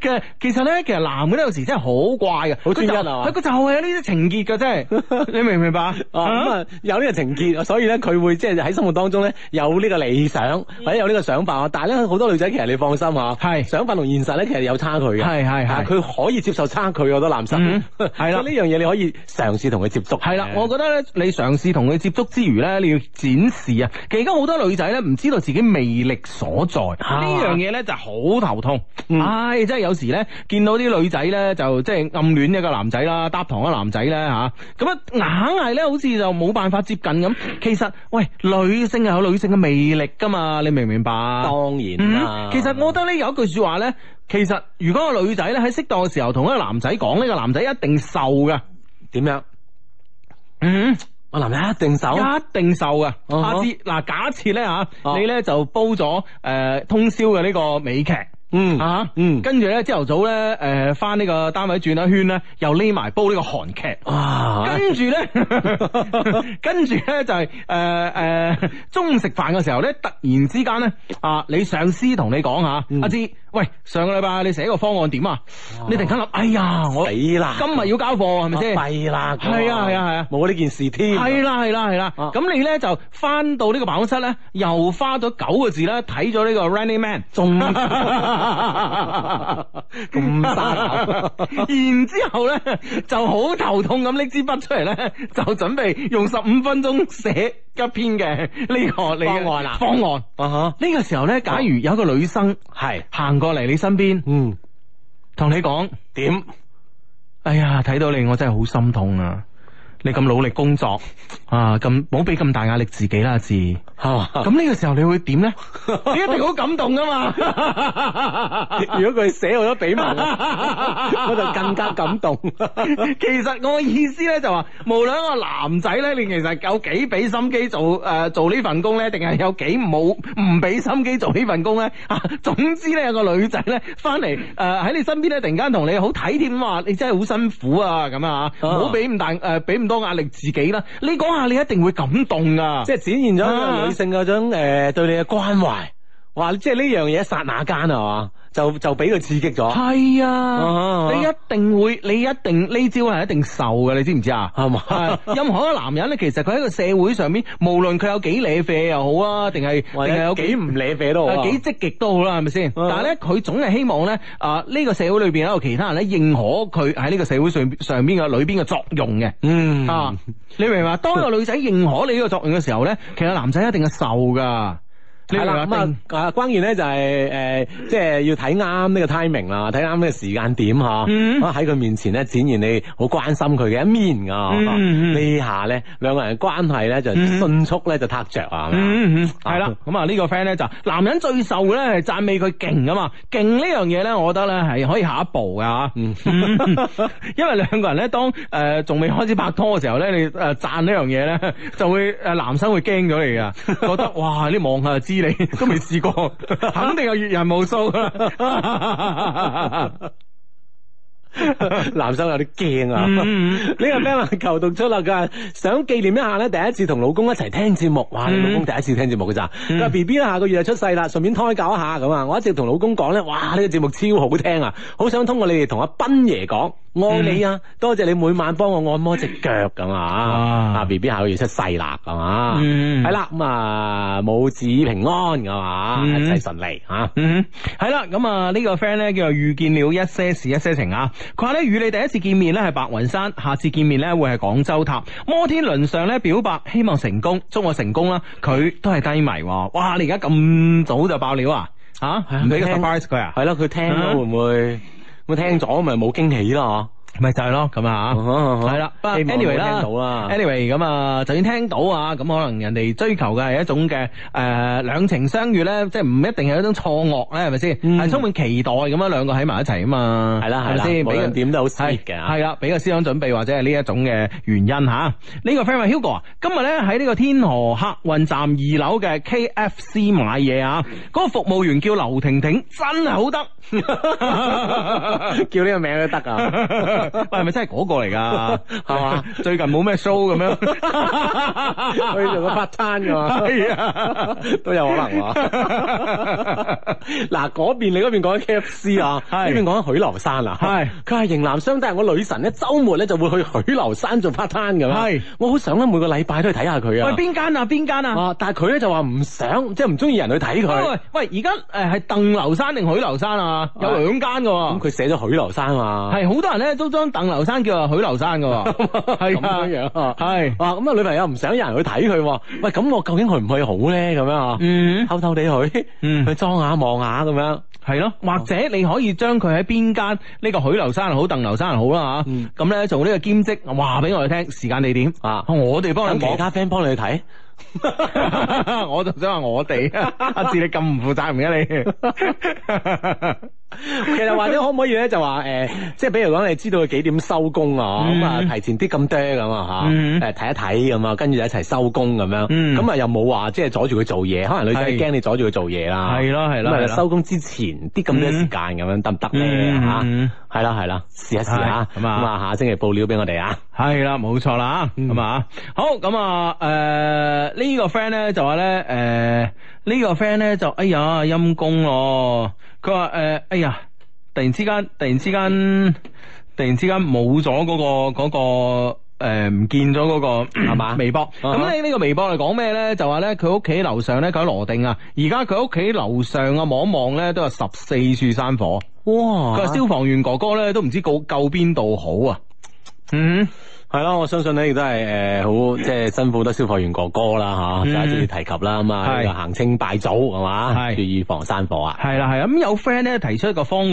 其實其實咧，其實男嘅咧有時真係好怪噶。好專一啊。佢就係佢就係有呢啲情結噶，真係。你明唔明白啊？咁啊，有呢個情結，所以咧佢會即係喺生活當中咧有呢個理想或者有呢個想法。啊。但係咧好多女仔其實你放心嗬，想法同現實咧其實有差距嘅。係係係，佢可以接受差距，好多男生係啦。呢樣嘢，你可以嘗試同佢接觸的，係啦、嗯，我覺得咧，你嘗試同佢接觸之餘咧，你要展示啊！其實而家好多女仔咧，唔知道自己魅力所在，呢樣嘢咧就好頭痛。唉、嗯，真係、哎、有時咧，見到啲女仔咧，就即係暗戀一個男仔啦，搭堂一個男仔咧吓，咁啊硬係咧，好似就冇辦法接近咁。其實喂，女性係有女性嘅魅力噶嘛，你明唔明白？當然、嗯、其實我覺得呢，有一句說話咧。其實，如果個女仔咧喺適當嘅時候同一個男仔講，呢、這個男仔一定瘦嘅，點樣？嗯，個男仔一定瘦，一定瘦嘅。Uh huh. 下次嗱，假設咧吓，uh huh. 你咧就煲咗誒、呃、通宵嘅呢個美劇。嗯啊，嗯，嗯，跟住咧，朝頭早咧，誒、呃，翻呢個單位轉一圈咧，又匿埋煲個韓、啊、呢個韓劇， 跟住咧，跟住咧就係誒誒，中午食飯嘅時候咧，突然之間咧，啊，你上司同你講下阿志、啊，喂，上個禮拜你寫個方案點啊？你突然間諗，哎呀，我死啦，今日要交貨係咪先？死啦！係啊係啊係啊，冇呢件事添。係啦係啦係啦，咁你咧就翻到呢個辦公室咧，又花咗九個字啦，睇咗呢個 Running Man，仲。 咁難， 殺 然之後咧就好頭痛咁拎支筆出嚟呢，就準備用十五分鐘寫一篇嘅呢、這個方案啦、啊。方案呢、uh huh. 個時候呢，假如有一個女生係行、uh huh. 過嚟你身邊，嗯、uh.，同你講點？哎呀，睇到你我真係好心痛啊！你咁努力工作啊，咁冇俾咁大壓力、啊、自己啦，阿係咁呢個時候你會點咧？你一定好感動噶嘛？ 如果佢寫我都俾埋， 我就更加感動。 其實我嘅意思咧就話，無論個男仔咧，你其實有幾俾心機做誒、呃、做呢份工咧，定係有幾冇唔俾心機做呢份工咧？啊，總之咧有個女仔咧翻嚟誒喺你身邊咧，突然間同你好體貼咁話，你真係好辛苦啊咁啊！唔好俾咁大誒，俾咁多壓力自己啦。你講下，你一定會感動噶，即係展現咗。啊啊啊性嗰種誒對你嘅關懷，話即係呢樣嘢，剎那間啊嘛～就就俾佢刺激咗，係啊！啊啊你一定會，你一定呢招係一定受㗎，你知唔知啊？係嘛是吧， 任何一個男人呢，其實佢喺個社會上面，無論佢有幾咧啡又好啊，定係定係有幾唔咧啡都好，幾積極都好啦，係咪先？但係呢，佢總係希望呢，啊呢、這個社會裏邊有其他人呢，認可佢喺呢個社會上上邊嘅裏邊嘅作用嘅。嗯啊，你明唔明白？當個女仔認可你呢個作用嘅時候呢，其實男仔一定係受噶。係啦，咁啊，關鍵咧就係誒，即係要睇啱呢個 timing 啦，睇啱呢個時間點吓，咁喺佢面前咧展現你好關心佢嘅一面噶，呢下咧兩個人嘅關係咧就迅速咧就撻着啊，係啦、嗯，咁、嗯嗯、啊、嗯這個、呢個 friend 咧就男人最受咧讚美佢勁啊嘛，勁呢樣嘢咧，我覺得咧係可以下一步噶吓，因為兩個人咧當誒仲未開始拍拖嘅時候咧，你誒讚呢樣嘢咧，就會誒男生會驚咗你噶， 覺得哇你望下知。你都未試過，肯定係閱人無數。 男生有啲驚啊！呢、這個咩？r 求讀出嚟，佢想紀念一下咧，第一次同老公一齊聽節目，哇！嗯、你老公第一次聽節目噶咋？佢話 B B 下個月就出世啦，順便胎教一下咁啊！我一直同老公講咧，哇！呢、這個節目超好聽啊，好想通過你哋同阿斌爺講，愛你啊！多謝你每晚幫我按摩隻腳咁啊！啊 B B 下個月出世啦，係嘛？係啦咁啊，母子平安噶嘛，一切順利啊！係啦，咁啊呢個 friend 咧叫做遇見了一些事，一些情啊！佢話咧與你第一次見面咧係白雲山，下次見面咧會係廣州塔摩天輪上咧表白，希望成功，祝我成功啦！佢都係低迷喎，哇！你而家咁早就爆料啊？吓，唔俾個 surprise 佢啊？係咯、啊，佢聽到、啊啊、會唔會？我聽咗咪冇驚喜咯？咪就係咯，咁啊吓，係啦，不 anyway 啦，anyway 咁啊，就算聽到啊，咁可能人哋追求嘅係一種嘅誒兩情相悦咧，即係唔一定係一種錯愕咧，係咪先？係、嗯、充滿期待咁樣，兩個喺埋一齊啊嘛，係啦，係咪先？俾個點都好 sweet 嘅，係啦，俾個思想準備或者係呢一種嘅原因吓。呢個 friend Hugo 啊，這個、Hugo, 今日咧喺呢個天河客運站二樓嘅 KFC 買嘢啊，嗰、那個服務員叫劉婷婷，真係好得， 叫呢個名都得啊。 喂，係咪真係嗰個嚟噶？係嘛？最近冇咩 show 咁樣，去做個 part time 㗎嘛？係啊，都有可能啊。嗱，嗰邊你嗰邊講喺 K F C 啊，呢邊講喺許留山啊，係佢係型男雙，但係我女神咧，周末咧就會去許留山做 part time 咁樣，係我好想咧每個禮拜都去睇下佢啊。喂，邊間啊？邊間啊？但係佢咧就話唔想，即係唔中意人去睇佢。喂而家誒係鄧留山定許留山啊？有兩間噶。咁佢寫咗許留山啊，係好多人咧都將鄧留山叫做許留山噶，係啊，係啊，咁啊女朋友唔想有人去睇佢。喂，咁我究竟去唔去好咧？咁樣啊？偷偷哋去，去裝下望。望下咁樣，係咯、嗯，或者你可以將佢喺邊間呢個許留山又好，鄧留山又好啦吓，咁咧、嗯、做呢個兼職，話俾我哋聽，時間地點啊，我哋幫你，其他 friend 幫看你去睇， 我就想話我哋 啊，阿志 你咁唔負責任嘅你。 其實話你可唔可以咧，就話誒，即係比如講，你知道佢幾點收工啊？咁啊，提前啲咁多咁啊吓，誒睇一睇咁啊，跟住就一齊收工咁樣，咁啊又冇話即係阻住佢做嘢，可能女仔驚你阻住佢做嘢啦。係咯係咯，咁啊收工之前啲咁多時間咁樣得唔得咧？吓，係啦係啦，試一試啊，咁啊，咁啊下星期報料俾我哋啊。係啦，冇錯啦，咁啊，好咁啊，誒呢個 friend 咧就話咧，誒。呢個 friend 咧，就哎呀陰公咯，佢話誒哎呀，突然之間突然之間突然之間冇咗嗰個、嗰個誒，唔見咗嗰個係嘛？ 微博波，咁呢呢個微博嚟講咩咧？就話咧佢屋企樓上咧佢喺羅定啊，而家佢屋企樓上啊望一望咧都有十四處山火，哇！佢話消防員哥哥咧都唔知救救邊度好啊，嗯。係咯，我相信咧亦都係誒好即係辛苦得消防員哥哥啦吓，介要提及啦咁啊，行清拜祖係嘛，注意防山火啊。係啦係啊，咁有 friend 咧提出一個方案，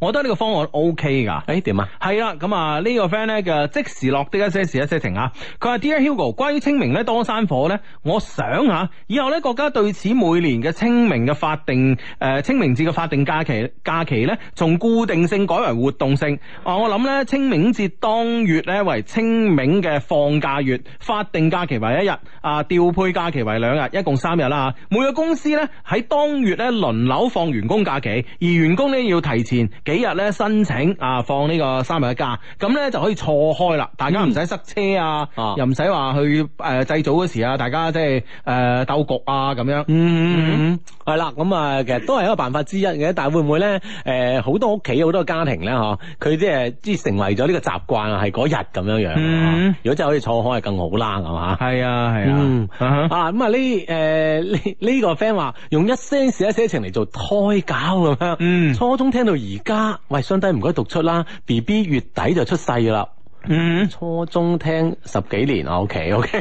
我覺得呢個方案 O K 噶。誒，點啊？係啦，咁啊呢個 friend 咧就即時落地一些事一些情啊。佢話 Dear Hugo，關於清明咧當山火咧，我想吓以後咧國家對此每年嘅清明嘅法定誒清明節嘅法定假期假期咧，從固定性改為活動性。啊，我諗咧清明節當月咧為清。.清明嘅放假月，法定假期為一日，啊，調配假期為兩日，一共三日啦，啊。每個公司呢，喺當月呢輪流放員工假期，而員工呢要提前幾日呢申請啊，放呢個三日嘅假，咁呢就可以錯開啦。大家唔使塞車啊，又唔使話去誒祭祖嗰時啊，大家即係誒斗局啊咁樣。嗯嗯。係啦，咁啊，其實都係一個辦法之一嘅，但會唔會咧？誒、呃，好多屋企好多家庭咧，嗬，佢即係即係成為咗呢個習慣啊，係嗰日咁樣樣。嗯、如果真係可以坐開，係更好啦，係嘛？係啊，係啊。啊咁啊，呢誒呢呢個 friend 話用一些事一些情嚟做胎教咁樣，嗯、初中聽到而家，喂，相低唔該讀出啦，B B 月底就出世啦。嗯，mm hmm。初中聽十幾年啊，OK，OK，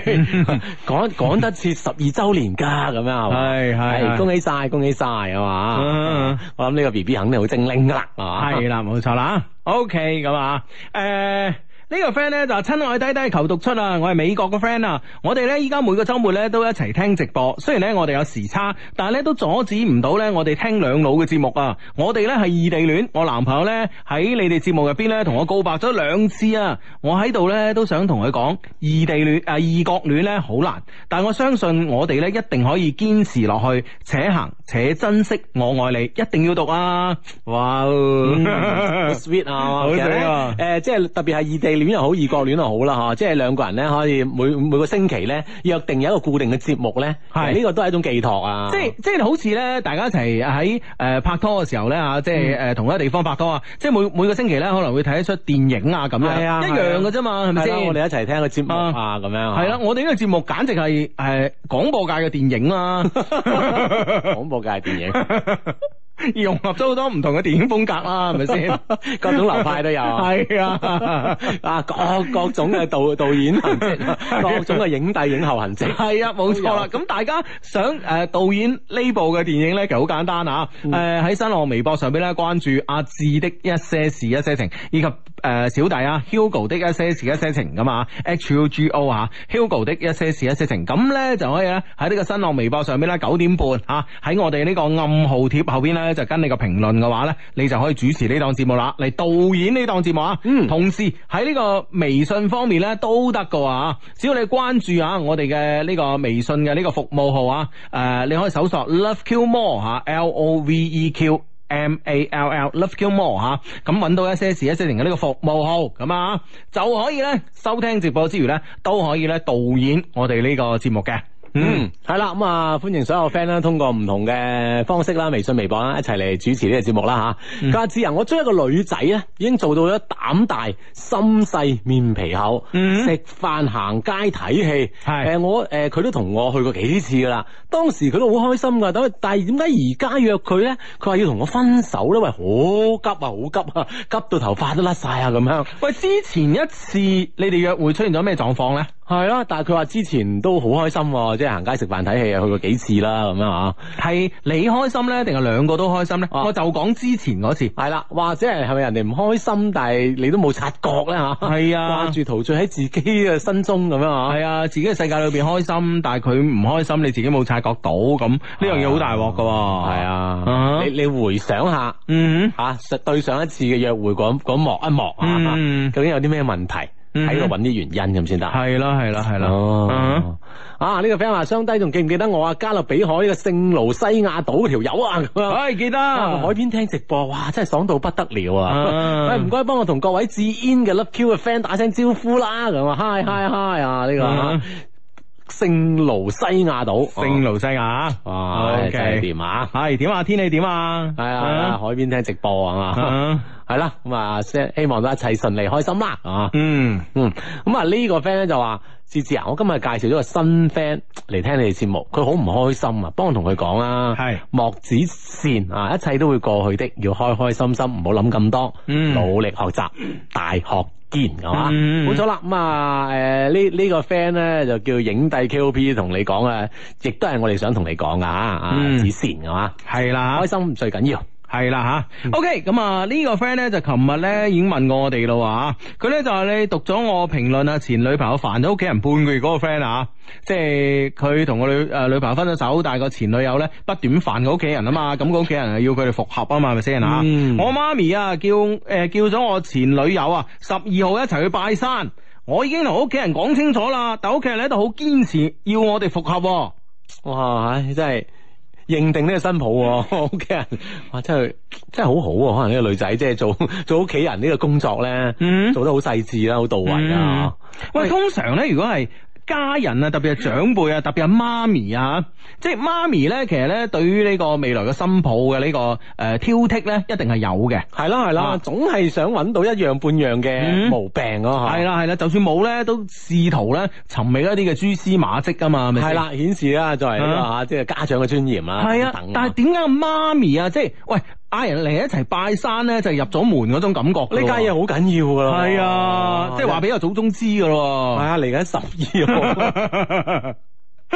講講得切十二周年家咁 樣係嘛，係係、哎，恭喜晒，恭喜晒啊嘛，我諗呢個 B B 肯定好精靈㗎啦，係嘛，係啦，冇錯啦，OK，咁啊，誒、呃。呢個 friend 咧就親愛低低求讀出啊！我係美國個 friend 啊，我哋咧依家每個周末咧都一齊聽直播。雖然咧我哋有時差，但係咧都阻止唔到咧我哋聽兩老嘅節目啊！我哋咧係異地戀，我男朋友咧喺你哋節目入邊咧同我告白咗兩次啊！我喺度咧都想同佢講，異地戀誒異國戀咧好難，但我相信我哋咧一定可以堅持落去，且行且珍惜。我愛你，一定要讀啊！哇，sweet 啊，好嘢其實誒，即、呃、係特別係異地戀。戀又好，異國戀又好啦，嗬、啊！即係兩個人咧可以每每個星期咧約定有一個固定嘅節目咧，呢是個都係一種寄託啊！即係即係好似咧，大家一齊喺誒拍拖嘅時候咧啊，即係誒同一個地方拍拖啊！即係每每個星期咧可能會睇一出電影啊咁樣，啊啊、一樣嘅啫嘛，係咪先？我哋一齊聽個節目啊，咁、啊、樣係啦、啊啊！我哋呢個節目簡直係誒廣播界嘅電影啊，廣 播界嘅電影。 融合咗好多唔同嘅電影風格啦，係咪先？各種流派都有，係啊，啊各各種嘅導導演，各種嘅影帝影后行程，係啊，冇錯啦。咁大家想誒導演呢部嘅電影咧，其實好簡單啊。誒喺新浪微博上邊咧，關注阿志的一些事一些情，以及誒小弟啊 Hugo 的一些事一些情噶嘛，H U G O 啊，Hugo 的一些事一些情，咁咧就可以咧喺呢個新浪微博上邊咧九點半吓喺我哋呢個暗號貼後邊咧。就跟你個評論嘅話呢，你就可以主持呢檔節目啦，嚟導演呢檔節目啊。嗯，同時喺呢個微信方面呢都得噶啊，只要你關注下、啊、我哋嘅呢個微信嘅呢個服務號啊，誒、呃，你可以搜索 Love Q Mall、啊、Love Q Mall 吓，L O V E Q M A L L 咁揾到一些事一些情嘅呢個服務號咁啊，就可以呢收聽直播之餘呢都可以呢導演我哋呢個節目嘅。嗯，係啦，咁啊，歡迎所有 friend 啦，通過唔同嘅方式啦，微信、微博啦，一齊嚟主持呢個節目啦吓。家智仁，我追一個女仔咧，已經做到咗膽大、心細、面皮厚。嗯，食飯、行街、睇戲，係誒，我誒，佢都同我去過幾次噶啦。當時佢都好開心噶，等，但係點解而家約佢咧？佢話要同我分手咧。喂，好急啊，好急啊，急到頭髮都甩晒啊咁樣。喂，之前一次你哋約會出現咗咩狀況咧？係咯，但係佢話之前都好開心即係行街食飯睇戲啊，去過幾次啦咁樣吓。係你開心咧，定係兩個都開心咧？我就講之前嗰次。係啦，或者係係咪人哋唔開心，但係你都冇察覺咧吓？係啊，掛住陶醉喺自己嘅心中咁樣吓。係啊，自己嘅世界裏邊開心，但係佢唔開心，你自己冇察覺到咁，呢樣嘢好大鑊噶。係啊，你你回想下，嗯吓，對上一次嘅約會嗰嗰幕一幕啊，究竟有啲咩問題？喺度揾啲原因咁先得。係咯，係咯，係咯。啊呢個 friend 話傷低，仲記唔記得我啊？加勒比海呢個聖盧西亞島條友啊，咁樣。唉，記得。海邊聽直播，哇，真係爽到不得了啊！唔該，幫我同各位至 in 嘅 love q 嘅 friend 打聲招呼啦，咁啊嗨，嗨，嗨！啊，呢個聖盧西亞島，聖盧西亞啊，哇，真係掂啊！係點啊？天氣點啊？係啊，海邊聽直播啊嘛。係啦，咁啊，希望都一切順利，開心啦，係嘛，嗯嗯，咁啊呢個 friend 咧就話，志志啊，我今日介紹咗個新 friend 嚟聽你哋節目，佢好唔開心啊，幫我同佢講啊。係是，莫子善啊，一切都會過去的，要開開心心，唔好諗咁多。嗯、努力學習，大學見，係嘛、嗯。嗯，冇錯啦。咁啊、嗯，誒呢呢個 friend 咧就叫影帝 K O P 同你講啊，亦都係我哋想同你講噶吓，嗯、子善係嘛。係啦，開心最緊要。係啦吓，OK，咁、嗯、啊、這個、呢個 friend 咧就琴日咧已經問過我哋啦，話，佢、啊、咧就話、是、你讀咗我評論啊，前女朋友煩咗屋企人半個月嗰個 friend 啊，即係佢同個女誒、呃、女朋友分咗手，但係個前女友咧不斷煩個屋企人啊嘛，咁個屋企人要啊要佢哋復合啊嘛，係咪先啊？我媽咪啊叫誒、呃、叫咗我前女友啊十二號一齊去拜山，我已經同屋企人講清楚啦，但屋企人咧都好堅持要我哋復合、啊，哇，唉、真係。認定呢個新抱、啊，屋企人哇真係真係好好、啊、喎，可能呢個女仔即係做做屋企人呢個工作咧，mm hmm. 做得好細緻啦，好到位啦。Mm hmm. 為喂，通常咧，如果係，家人啊，特別係長輩啊，特別係媽咪啊，即係媽咪咧，其實咧對於呢個未來嘅新抱嘅呢個誒、呃、挑剔咧，一定係有嘅。係啦係啦，的總係想揾到一樣半樣嘅毛病咯、啊、吓。係啦係啦，就算冇咧，都試圖咧尋覓一啲嘅蛛絲馬跡啊嘛，係啦顯示啦，作為吓、這個，嗯、即係家長嘅尊嚴啦。係啊，等等啊，但係點解媽咪啊，即係喂？家人嚟一齊拜山咧，就是、入咗門嗰種感覺，呢家嘢好緊要噶啦，係啊，即係話俾個祖宗知噶咯。係啊、哎，嚟緊十二號。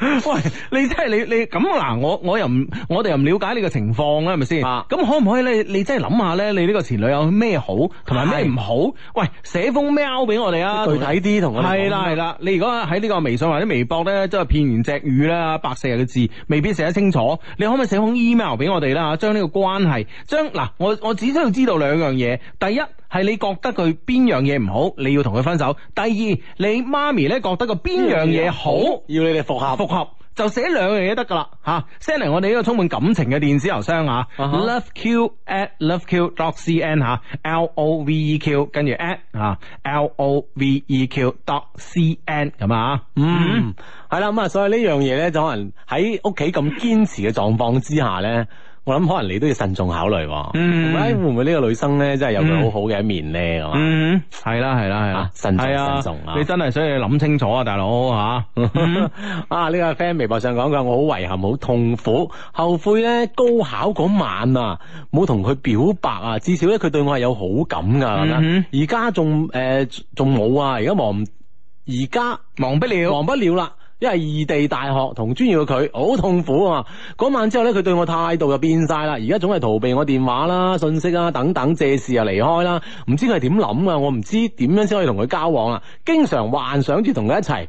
喂，你真係你你咁，嗱，我我又唔，我哋又唔了解你個情況啦，係咪先？咁、啊、可唔可以咧？你真係諗下咧，你呢個前女友咩好同埋咩唔好？喂，寫封 mail 俾我哋啊，具體啲同我哋。係啦係啦，你如果喺呢個微信或者微博咧，都係片言隻語啦，百四日嘅字，未必寫得清楚。你可唔可以寫封 email 俾我哋啦？將呢個關係，將，嗱，我我只需要知道兩樣嘢，第一。係你覺得佢邊樣嘢唔好，你要同佢分手。第二，你媽咪咧覺得個邊樣嘢好，要你哋復合。復合就寫兩樣嘢得噶啦，吓 send 嚟我哋呢個充滿感情嘅電子郵箱啊 loveq at loveq dot cn 吓、啊、l o v e q 跟住 at 吓，l o v e q dot c n 咁啊，係咪，嗯，係啦，咁啊，所以呢樣嘢咧，就可能喺屋企咁堅持嘅狀況之下咧。 我諗可能你都要慎重考慮，唔係、嗯、會唔會呢個女生呢？真係有佢好好嘅一面呢？係嘛、嗯，係啦係啦係啊，慎重慎重的啊！你真係需要諗清楚啊，大佬吓！啊，呢、嗯 啊這個 friend 微博上講嘅，我好遺憾，好痛苦，後悔咧高考嗰晚啊，冇同佢表白啊，至少呢，佢對我係有好感噶，而家仲誒仲冇啊，而家忘而家忘不了，了，忘不了啦。因為異地大學同專業嘅佢好痛苦啊！嗰晚之後咧，佢對我態度就變晒啦。而家總係逃避我電話啦、信息啦等等，借事又離開啦。唔知佢係點諗啊？我唔知點樣先可以同佢交往啊！經常幻想住同佢一齊。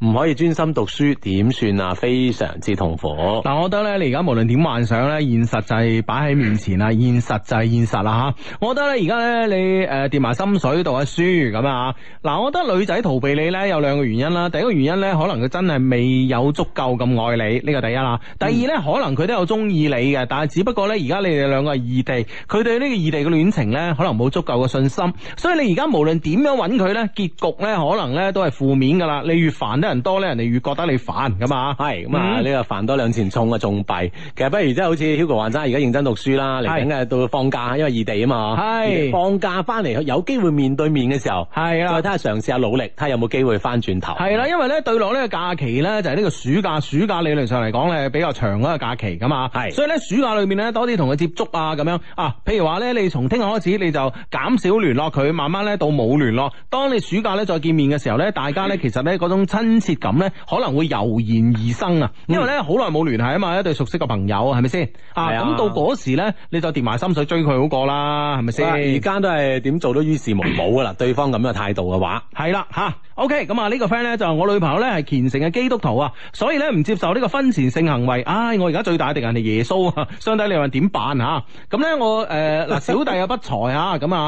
唔可以專心讀書，點算啊？非常之痛苦。但、啊、我覺得咧，你而家無論點幻想咧，現實就係擺喺面前啦。嗯、現實就係現實啦吓。我覺得咧，而家咧你誒、呃、跌埋心水讀下書咁啊。嗱、啊，我覺得女仔逃避你咧有兩個原因啦。第一個原因咧，可能佢真係未有足夠咁愛你呢個第一啦。第二咧、嗯，可能佢都有中意你嘅，但係只不過咧而家你哋兩個係異地，佢對呢個異地嘅戀情咧可能冇足夠嘅信心，所以你而家無論點樣揾佢咧，結局咧可能咧都係負面噶啦。你越煩人多咧，人哋越覺得你煩咁啊，係咁啊，呢、嗯、個煩多兩錢重啊，仲弊。其實不如即係好似 Hugo 話齋，而家認真讀書啦，嚟緊啊到放假，因為異地啊嘛，係是放假翻嚟有機會面對面嘅時候，係啊，再睇下嘗試下努力，睇下有冇機會翻轉頭。係啦、啊，啊、因為咧對落呢個假期咧就係、是、呢個暑假，暑假理論上嚟講咧比較長嗰個假期咁是啊，係。所以咧暑假裏面咧多啲同佢接觸啊咁樣啊，譬如話咧你從聽日開始你就減少聯絡佢，慢慢咧到冇聯絡。當你暑假咧再見面嘅時候咧，大家咧是其實咧嗰種親親切感咧，可能會油然而生啊！因為咧，好耐冇聯繫啊嘛，一對熟悉嘅朋友，係咪先啊？咁、啊、到嗰時咧，你就掂埋心水追佢好過啦，係咪先？而家都係點做都於事無補噶啦！ 對方咁嘅態度嘅話，係啦吓。OK，咁啊，呢個 friend 咧就我女朋友咧係虔誠嘅基督徒啊，所以咧唔接受呢個婚前性行為。唉、哎，我而家最大敵人係耶穌啊！上帝，你話點辦啊？咁咧，我誒嗱，小弟有不才啊！咁、呃、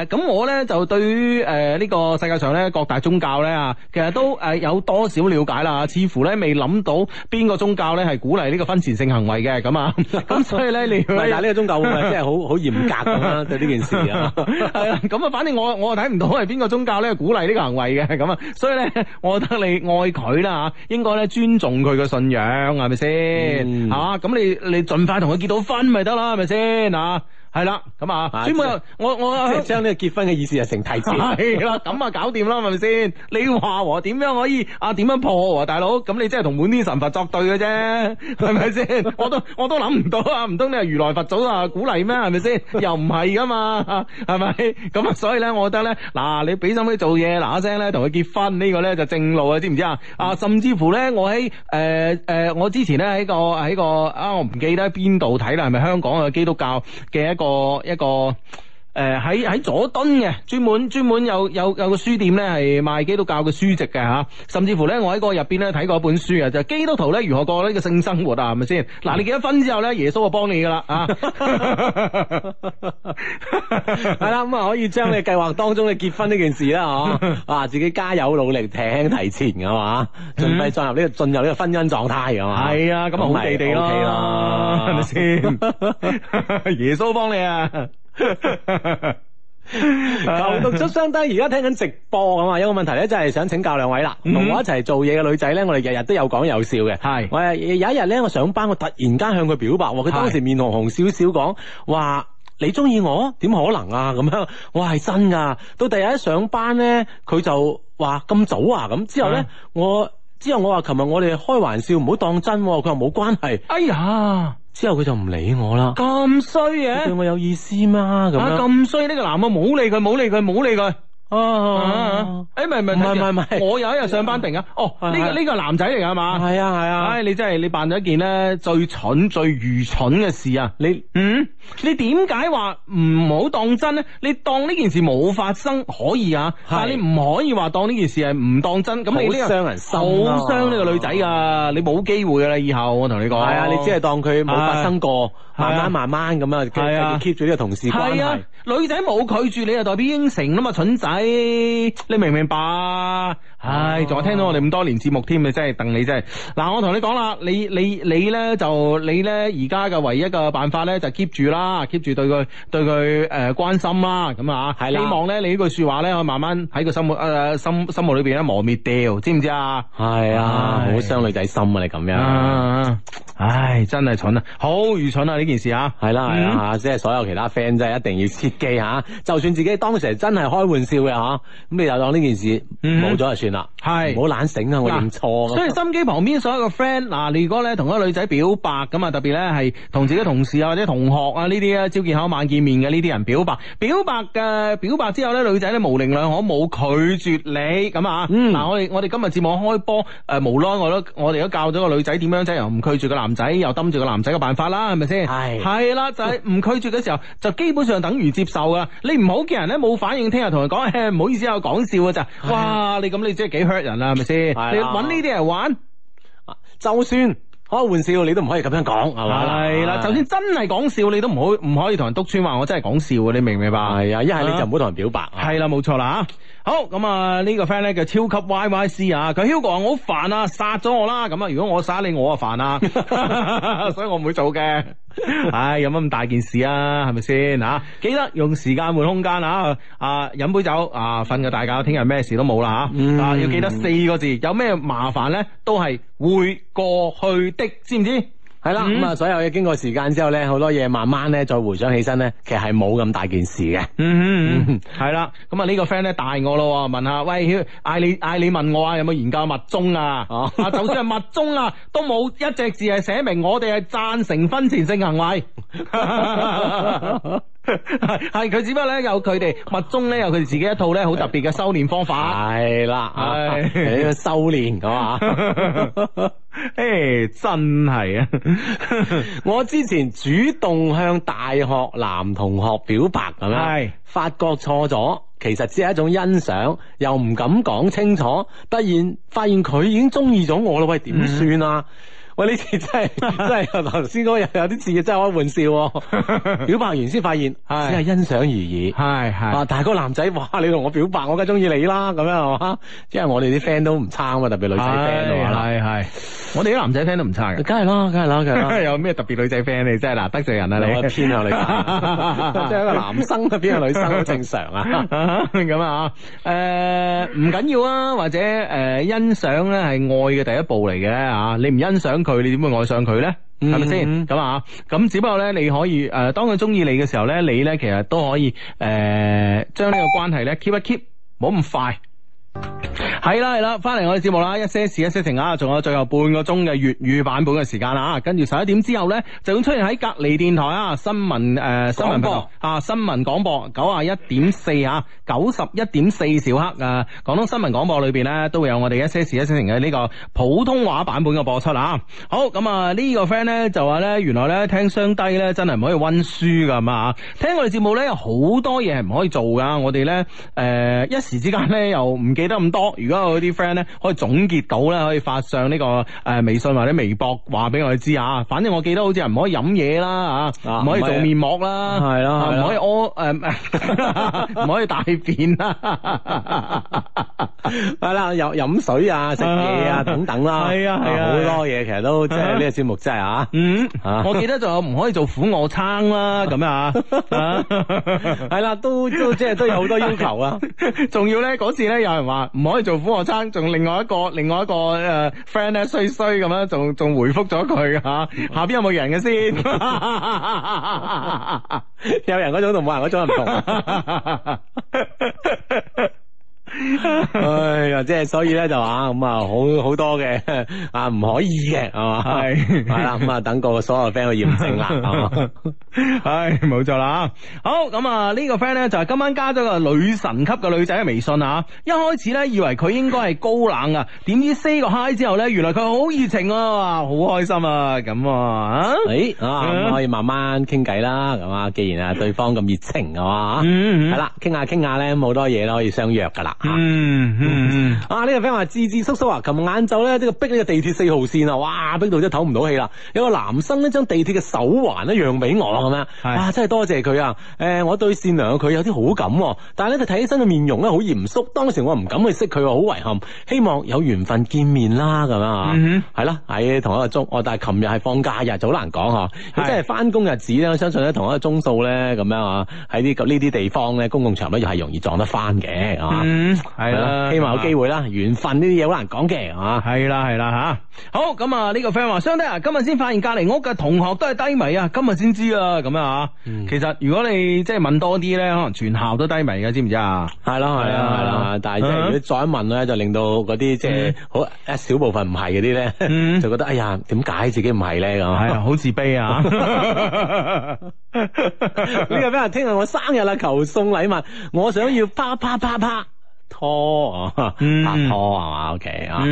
啊，誒，咁我咧就對於誒呢、呃這個世界上咧各大宗教咧啊，其實都誒。 有多少了解啦？似乎咧未諗到邊個宗教咧係鼓勵呢個婚前性行為嘅咁啊？咁所以咧你唔係 但呢個宗教唔係真係好好嚴格咁咯？對呢件事啊，係啦，咁啊，反正我我睇唔到係邊個宗教咧鼓勵呢個行為嘅咁啊，所以咧，我覺得你愛佢啦吓，應該咧尊重佢嘅信仰係咪先吓？咁你你盡快同佢結到婚咪得啦？係咪先啊？係啦，咁啊，專門我我即係將呢個結婚嘅意思就成題字，係啦，咁啊搞掂啦，係咪先？你話喎，點樣可以啊？點樣破啊？大佬，咁你真係同滿天神佛作對嘅啫，係咪先？我都我都諗唔到啊！唔通你係如來佛祖啊鼓勵咩？係咪先？又唔係噶嘛？係咪？咁啊，所以咧，我覺得咧，嗱，你俾心機做嘢，嗱一聲咧同佢結婚呢個咧就正路啊，知唔知啊？啊，甚至乎咧，我喺誒誒，我之前咧喺個喺個啊，我唔記得邊度睇啦，係咪香港嘅基督教嘅一個？個一個。誒，喺喺、欸、佐敦嘅，專門專門有有有個書店咧，係賣基督教嘅書籍嘅吓、啊，甚至乎咧，我喺個入邊咧睇過一本書啊，就係、基督徒咧如何過呢個性生活是是、嗯、啊，係咪先？嗱，你結咗婚之後咧，耶穌就幫你噶啦啊，係啦，咁啊可以將你計劃當中嘅結婚呢件事啦，哦，啊自己加油努力，輕輕提前嘅嘛，嗯、準備進入呢、這個進入呢個婚姻狀態嘅嘛，係 啊，咁啊好地地咯、啊，係咪先？耶穌幫你啊！哈哈牛犢出雙低，而家聽緊直播啊嘛，有個問題咧，就係、是、想請教兩位啦。同我一齊做嘢嘅女仔咧，我哋日日都有講有笑嘅。係是，我有一日咧，我上班我突然間向佢表白，佢當時面紅紅少少，講話，你中意我？點可能啊？咁樣，我係真噶。到第二日一上班咧，佢就話咁早啊？咁之後咧，嗯、我之後我話琴日我哋開玩笑，唔好當真。佢話冇關係。哎呀！之後佢就唔理我啦，咁衰嘅，對我有意思嗎？咁樣，咁衰呢個男啊，唔好理佢，唔好理佢，唔好理佢。啊！哎，唔唔唔唔唔，我有一日上班定啊？哦，呢個呢個男仔嚟噶係嘛？係啊係啊。唉，你真係你扮咗一件咧最蠢最愚蠢嘅事啊！你嗯，你點解話唔好當真咧？你當呢件事冇發生可以啊，但係你唔可以話當呢件事係唔當真。咁你呢個好傷人心，好傷呢個女仔噶，你冇機會噶啦。以後我同你講，係啊，你只係當佢冇發生過，慢慢慢慢咁啊，keep 住呢個同事關係。係啊，女仔冇拒絕你，就代表應承啦嘛，蠢仔。你、哎、你明唔明白？唉，仲話聽到我哋咁多年節目添，你真係鄧，你真係。嗱，我同你講啦，你你呢你咧就你咧而家嘅唯一嘅辦法咧就 keep 住啦，keep 住對佢對佢誒關心啦，咁啊，希望咧你呢句說話咧可以慢慢喺個心目誒、呃、心心目裏邊咧磨滅掉，知唔知啊？係啊唉，好傷女仔心啊！你咁樣，唉，唉，真係蠢啊，好愚蠢啊！呢件事啊，係啦，係啊，啊啊嗯、即係所有其他 friend 仔真係一定要切記吓，就算自己當時真係開玩笑嘅嗬，咁、啊、你就當呢件事冇咗就算。嗯嗱，係唔好懶醒啊！嘍我認錯，所以心機旁邊所有嘅 friend，嗱，如果咧同嗰個女仔表白咁啊，特別咧係同自己同事啊或者同學啊呢啲啊，朝見口晚見面嘅呢啲人表白，表白嘅表白之後咧，女仔咧無令兩可冇拒絕你咁啊！嗱、嗯，我哋我哋今日節目開波，誒無啦我都我哋都教咗個女仔點樣即係又唔拒絕個男仔，又抌住個男仔嘅辦法啦，係咪先？係係啦，就係、是、唔拒絕嘅時候就基本上等於接受啊。你唔好嘅人咧冇反應，聽日同佢講，唔好意思，我講笑噶咋？的哇！你咁你。即係幾 hurt 人啦，係咪先？的你揾呢啲人玩，啊、就算、啊、可以開玩笑，你都唔可以咁樣講，係嘛？係啦，就算真係講笑，你都唔好唔可以同人督穿話我真係講笑，你明唔明白？係啊，一係你就唔好同人表白。係啦，冇錯啦吓。好咁啊！嗯這個、呢個 friend 咧叫超級 Y Y C 啊，佢 Hugo 話我好煩啊，殺咗我啦！咁啊，如果我殺你，我就煩啊， 所以我唔會做嘅。唉、哎，有乜咁大件事啊？係咪先啊？記得用時間換空間啊！啊，飲杯酒啊，瞓個大覺，聽日咩事都冇啦吓！啊，嗯、啊，要記得四個字，有咩麻煩咧，都係會過去的，知唔知？係啦，咁啊，嗯、所有嘢經過時間之後咧，好多嘢慢慢咧再回想起身咧，其實係冇咁大件事嘅。嗯嗯嗯，係啦， 咁啊呢個 friend 咧大我咯，問下喂，嗌你嗌你問我有有啊，有冇研究密宗啊？就算係密宗啊，都冇一隻字係寫明我哋係讚成婚前性行為。 係佢 只不過咧有佢哋密宗，咧有佢哋自己一套咧好特別嘅修煉方法係啦，係呢個修煉咁啊，誒、哎 哎、真係啊！ 我之前主動向大學男同學表白咁啊，的發覺錯咗，其實只係一種欣賞，又唔敢講清楚，突然發現佢已經中意咗我啦，喂，點算啊？喂！呢次真係 真係，頭先嗰日有啲字真係開玩笑， 表白完先發現，只係 欣賞而已。係係 是是，啊！但係嗰男仔話：你同我表白，我梗係中意你啦！咁樣係嘛？即係我哋啲 friend 都唔差啊，特別女仔 friend 係係，我哋啲男仔 friend 都唔差嘅。梗係啦，梗係啦，梗係 有咩特別女仔 friend 你真係？嗱，得罪人啊你！天啊你！即係一個男生邊有女生好正常啊咁 啊！誒、呃，唔緊要啊，或者誒、呃，欣賞咧係愛嘅第一步嚟嘅吓，你唔欣賞佢。佢你點會愛上佢咧？係咪先咁啊？咁、hmm. 只不過咧，你可以誒、呃，當佢中意你嘅時候咧，你咧其實都可以誒，將、呃、呢個關係咧 keep 一 keep，冇咁快。係啦，係啦，翻嚟我哋節目啦，一些事一些情啊，仲有最後半個鐘嘅粵語版本嘅時間啦，跟住十一點之後呢，就會出現喺隔籬電台、呃、報啊，新聞誒，新聞播、啊，新聞廣播九啊一點四啊，九十一點四兆赫啊。廣東新聞廣播裏邊呢，都會有我哋一些事一些情嘅呢個普通話版本嘅播出啦、啊。好，咁啊，呢、這個 friend 呢，就話呢，原來呢，聽雙低呢，真係唔可以溫書噶，嘛啊，聽我哋節目呢，有好多嘢係唔可以做噶，我哋呢，誒、呃、一時之間呢，又唔記。記得咁多，如果有啲 friend 咧可以總結到咧，可以發上呢個誒微信或者微博，話俾我哋知啊。反正我記得好似唔可以飲嘢啦，唔可以做面膜啦，係啦，唔可以屙誒，唔可以大便啦。係啦，又飲水啊，食嘢啊，等等啦。係啊，係啊，好多嘢其實都即係呢個節目真係啊。嗯，我記得仲有唔可以做俯臥撐啦，咁啊，係啦，都都即係都有好多要求啊。仲要咧，嗰次咧有人唔可以做俯臥撐，仲另外一個另外一個誒、uh, friend 咧、uh, 衰衰咁樣，仲仲回覆咗佢吓，下邊有冇人嘅先？ 有人嗰種，人種同冇人嗰種唔同。invece 哎呀，即係所以咧就話咁啊，好好多嘅啊，唔可以嘅係嘛，係啦，咁啊等個所有 friend 去驗證啦。唉，冇錯啦，好咁啊，呢個 friend 咧就係今晚加咗個女神級嘅女仔嘅微信啊。一開始咧以為佢應該係高冷啊，點知 say 個 hi 之後咧，原來佢好熱情啊，好開心啊，咁啊，誒啊，可以慢慢傾偈啦。咁啊，既然啊對方咁熱情啊嘛，係啦，傾下傾下咧，冇多嘢啦，可以相約噶啦。嗯嗯，嗯啊呢、這個 friend 話智智叔叔啊，琴日晏晝咧呢個逼呢個地鐵四號線啊，哇逼到真係唞唔到氣啦！有個男生咧將地鐵嘅手環咧讓俾我咁樣，哇真係多謝佢啊！誒是的、啊欸、我對善良嘅佢有啲好感、哦，但係咧佢睇起身嘅面容咧好嚴肅，當時我唔敢去識佢，好遺憾。希望有緣分見面啦咁樣啊，係啦喺同一個鐘，哦但係琴日係放假日就，就好難講嗬。咁真係翻工日子咧，我相信咧同一個鐘數咧咁樣啊，喺啲呢啲地方咧，公共場咧又係容易撞得翻嘅啊。嗯係啦， 希望有機會啦，緣的分呢啲嘢好難講嘅，係嘛？係啦係啦吓，好咁啊！呢個 friend 話，雙弟啊，今日先發現隔籬屋嘅同學都係低迷啊，今日先知啊，咁樣吓、啊。嗯、其實如果你即係問多啲咧，可能全校都低迷嘅、啊，知唔知啊？係啦係啦係啦，但係如果再問咧，就令到嗰啲、嗯、即係好一小部分唔係嗰啲咧，就覺得哎呀，點解自己唔係咧咁？係好、嗯哎、自卑啊！呢 個 friend 話，聽日我生日啦，求送禮物，我想要啪啪啪啪。拖啊，嗯、拍拖係嘛？O K 啊，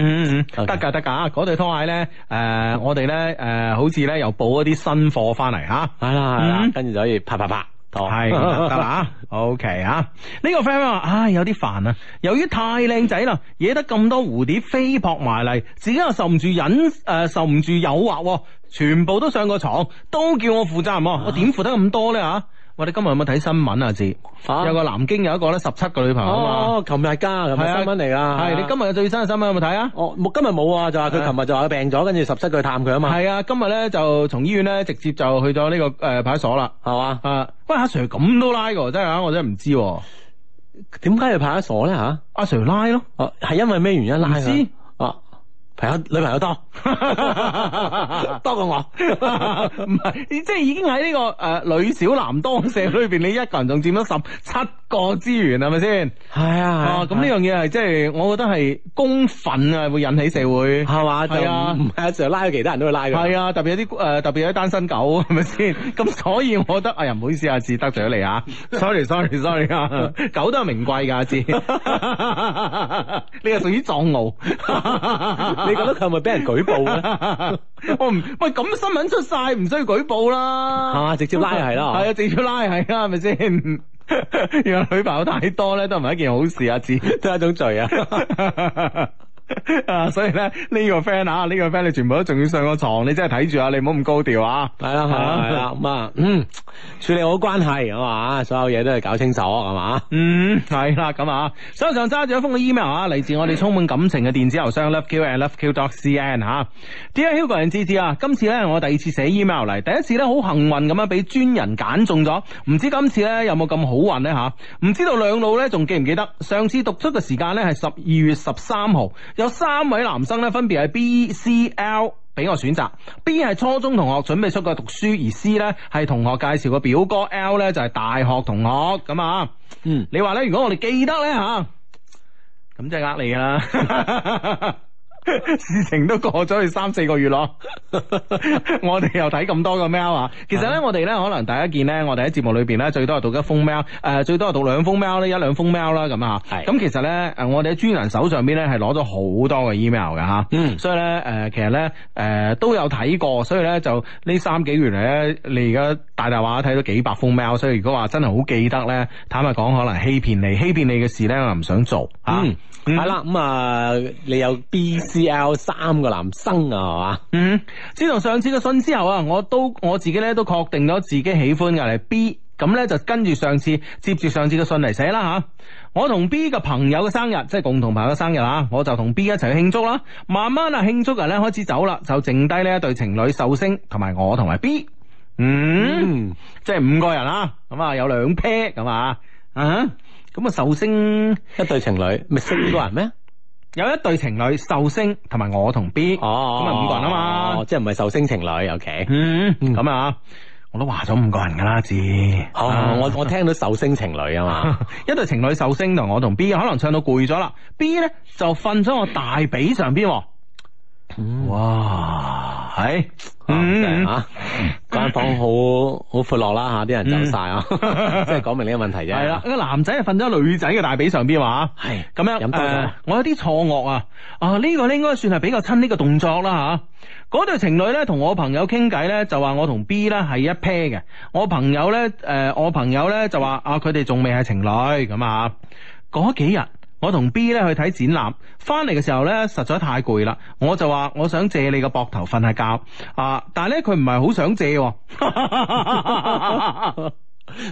得噶得噶，嗰 okay. 對拖鞋咧，誒、呃，我哋咧，誒、呃，好似咧又補一啲新貨翻嚟吓，係啦係啦，跟住、嗯、就可以拍拍拍，拖，係得啦吓，O K 啊，呢、呢個 friend 話，唉，有啲煩啊，由於太靚仔啦，惹得咁多蝴蝶飛撲埋嚟，自己又受唔住引，誒、呃，受唔住誘惑、啊，全部都上過床，都叫我負責任， 我點負得咁多咧吓？我哋今日有冇睇新聞啊？子，啊、有個南京有一個咧十七個女朋友、哦、啊嘛。琴日加，琴日新聞嚟噶。係你今日最新嘅新聞有冇睇啊？哦，冇今日冇啊，就話佢琴日就話佢病咗，跟住十七個去探佢啊嘛。係啊，今日咧就從醫院咧直接就去咗呢、這個誒派出所啦，係、呃、嘛啊，啊？喂，阿、啊、Sir 咁都拉噶，真係啊，我真係唔知點解要派出所咧吓？阿、啊、Sir 拉咯，哦、啊，係因為咩原因拉？唔係啊，女朋友多，多過我，唔係，即係已經喺呢個誒女少男多社會裏邊，你一個人仲占咗十七個資源，係咪先？係啊，咁呢樣嘢係即係，我覺得係公憤啊，會引起社會係嘛？就唔係阿 Sir 拉佢，其他人都會拉佢。係啊，特別有啲誒，特別有啲單身狗，係咪先？咁所以我覺得，哎呀，唔好意思啊，智得罪咗你啊，sorry，sorry，sorry，狗都係名貴噶，智，你係屬於藏獒。你覺得佢係咪俾人舉報啊？ 我唔喂咁新聞出晒，唔需要舉報啦。啊，直接拉係啦。係啊， 直接拉係啦，係咪先？原 來女朋友太多咧，都唔係一件好事啊，只 都係一種罪啊。 啊，所以咧呢、這個 friend 啊，呢、這個 friend 你全部都仲要上個床，你真係睇住啊！你唔好咁高調啊！係啦，係啦，係啦，咁啊，啊啊嗯，處理好關係，係嘛，所有嘢都係搞清楚，係嘛，嗯，係啦，咁啊，手、啊、上揸住一封嘅 email 啊，嚟自我哋充滿感情嘅電子郵箱 Love Q and Love Q dot cn 吓、啊。Dear Hugo 人知知啊？今次咧我第二次寫 email 嚟，第一次咧好幸運咁樣俾專人揀中咗，唔知今次咧有冇咁好運咧吓？唔、啊、知道兩老咧仲記唔記得上次讀出嘅時間咧係十二月十三號。有三位男生呢，分別係 B、C、L 俾我選擇。B 係初中同學，準備出國讀書，而 C 呢，係同學介紹個表哥，L 呢，就係大學同學咁啊。嗯，你話呢，如果我哋記得呢吓，咁即係呃你啦。 事情都過咗去三四個月咯， 我哋又睇咁多個 mail 啊！其實呢的，我哋呢，可能大家見呢，我哋喺節目裏邊呢，最多係讀一封 mail，誒、呃，最多係讀兩封 mail 咧，一兩封 mail 啦咁啊。咁，其實呢，誒，我哋喺專人手上邊呢，係攞咗好多嘅 email 嘅吓。嗯。所以呢，誒，其實呢，誒，都有睇過，所以呢，就呢三幾月嚟呢，你而家大大話睇咗幾百封 mail，所以如果話真係好記得呢，坦白講，可能欺騙你、欺騙你嘅事呢，我唔想做吓、啊嗯。嗯。係啦、 嗯，咁啊、嗯，你有 B。C L 三個男生啊，係嘛？嗯，自從上次嘅信之後啊，我都我自己咧都確定咗自己喜歡嘅係 B，咁咧就跟住上次接住上次嘅信嚟寫啦吓。我同 B 個朋友嘅生日，即係共同朋友嘅生日啊，我就同 B 一齊去慶祝啦。慢慢啊，慶祝人咧開始走啦，就剩低呢一對情侶壽星同埋我同埋 B，嗯，嗯即係五個人啦。咁啊，有兩 pair 咁啊，啊，咁啊壽星一對情侶，咪四個人咩？ 有一對情侶壽星同埋我同 B 哦，咁啊五個人啊嘛，哦、即係唔係壽星情侶尤其，咁、okay? 嗯嗯、啊，我都話咗五個人噶啦，知哦， 我我聽到壽星情侶啊嘛， 一對情侶壽星同我同 B，我可能唱到攰咗啦，B 呢，就瞓咗我大髀上邊喎。 哇，係咁正吓，間房好好闊落啦吓，啲人走晒啊，即係講明呢個問題啫。係啦、嗯，一 個男仔啊瞓咗女仔嘅大髀上邊嘛，係咁樣。飲多咗。」我有啲錯愕啊，啊、這、呢個咧應該算係比較親呢個動作啦吓。嗰、啊、對情侶咧同我朋友傾偈咧就話我同 B 咧係一 pair 嘅，我朋友咧誒、啊、我朋友咧就話啊佢哋仲未係情侶咁啊，嗰幾日。我同 B 咧去睇展覽，翻嚟嘅時候咧實在太攰啦，我就話我想借你個膊頭瞓下覺啊！但係咧佢唔係好想借，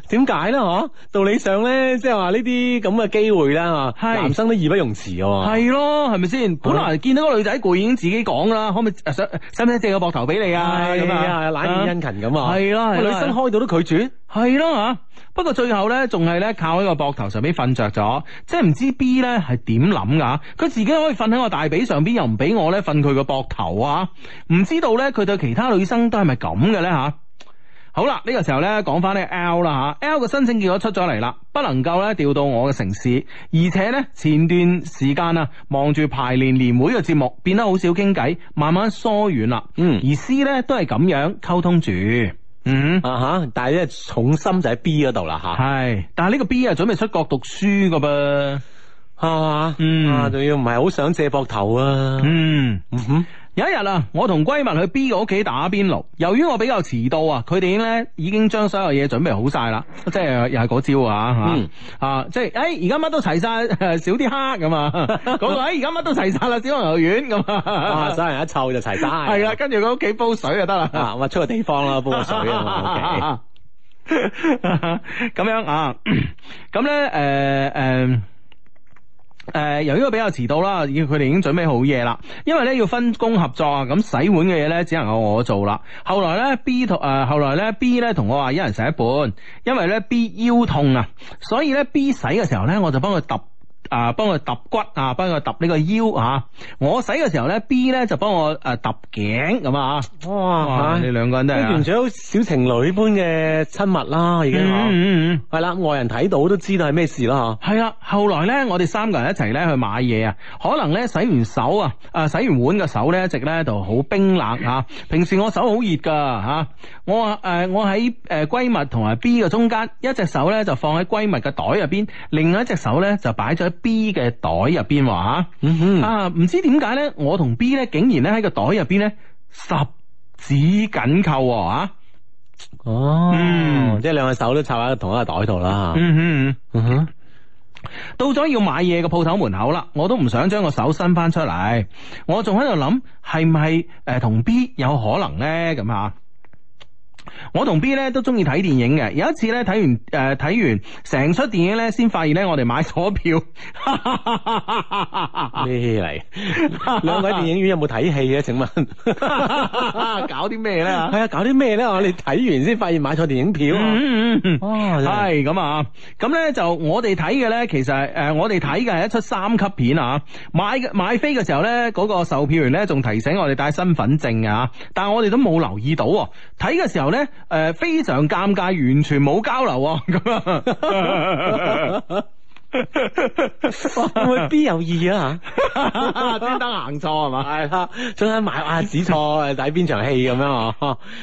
點解咧？嗬？道理上咧，即係話呢啲咁嘅機會啦，嗬是？男生都義不容辭嘅喎。係咯是，係咪先？本來見到個女仔攰，已經自己講啦，可唔可以想使唔使借個膊頭俾你啊？係啊，懶殷勤咁啊！係咯、啊，啊啊啊啊啊、女生開到都拒絕。係咯、啊，吓、 啊。不過最後呢，仲係咧靠喺個膊頭上邊瞓着咗，即係唔知 B 呢係點諗噶，佢自己可以瞓喺個大髀上邊，又唔俾我呢瞓佢個膊頭啊，唔知道呢，佢對其他女生都係咪咁嘅呢？吓。好啦，呢個時候咧講翻咧 L 啦吓，L 嘅申請結果出咗嚟啦，不能夠呢調到我嘅城市，而且呢，前段時間啊，望住排練年會嘅節目，變得好少傾偈，慢慢疏遠啦，嗯，而 C 呢，都係咁樣溝通住。嗯、mm hmm. 啊吓，但係咧重心就喺 B 嗰度啦吓，係是。但係呢個 B 啊，準備出國讀書噶噃，係嘛，嗯，啊仲要唔係好想借膊頭啊，嗯嗯哼。Hmm. 有一日啊，我同閨蜜去 B 個屋企打邊爐。由於我比較遲到啊，佢哋咧已經將所有嘢準備好晒啦。即係又係嗰招啊，吓吓、嗯啊，即係誒，而家乜都齊晒，少啲黑咁、那個哎、啊。講到啊，而家乜都齊晒啦，少人又遠咁啊，所有人一湊就齊晒。係啦， 跟住佢屋企煲水就得啦、 啊。我出個地方啦，煲個水。咁樣啊，咁咧誒誒。誒、呃，由於我比較遲到啦，要佢哋已經準備好嘢啦，因為咧要分工合作，咁洗碗嘅嘢咧只能夠我做啦。後來咧 B 同、呃，誒後來咧 B 咧同我話一人洗一半，因為咧 B 腰痛啊，所以咧 B 洗嘅時候咧我就幫佢揼。啊，幫佢揼骨啊，幫佢揼呢個腰啊！我洗嘅時候咧，B 咧就幫我誒揼頸咁啊！啊哇，啊、你兩個人真係啊，完全小情侶般嘅親密啦，已經吓，係啦、啊，外人睇到都知道係咩事啦吓。係、啊、啦，後來咧，我哋三個人一齊咧去買嘢啊，可能咧洗完手啊，誒洗完碗嘅手咧，一直咧就好冰冷吓、啊。平時我手好熱噶吓，我誒、呃、我喺誒閨蜜同埋 B 嘅中間，一隻手咧就放喺閨蜜嘅袋入邊，另外一隻手咧就擺咗 B 嘅袋入邊話啊，唔知點解咧，我同 B 咧竟然咧喺個袋入邊咧十指緊扣啊！哦，嗯、即係兩隻手都插喺同一個袋度啦。嗯嗯哼，嗯哼，到咗要買嘢嘅鋪頭門口啦，我都唔想將個手伸翻出嚟，我仲喺度諗係唔係誒同 B 有可能咧咁啊？我同 B 咧都中意睇電影嘅，有一次咧睇完誒睇、呃、完成出電影咧，先發現咧我哋買錯票。咩 嚟？ 兩位 電影院有冇睇戲啊？請問， 搞啲咩咧？係啊，搞啲咩咧？ 我哋睇完先發現買錯電影票。嗯 嗯，嗯哦，係咁啊，咁咧就我哋睇嘅咧，其實誒、呃、我哋睇嘅係一出三級片啊，買嘅買飛嘅時候咧，嗰個售票員咧仲提醒我哋帶身份證啊，但係我哋都冇留意到，啊，睇嘅時候咧。誒，非常尷尬，完全冇交流咁啊，未 必有意啊，專登行錯係嘛，係啦，專登買啊，指錯睇邊場戲咁樣啊，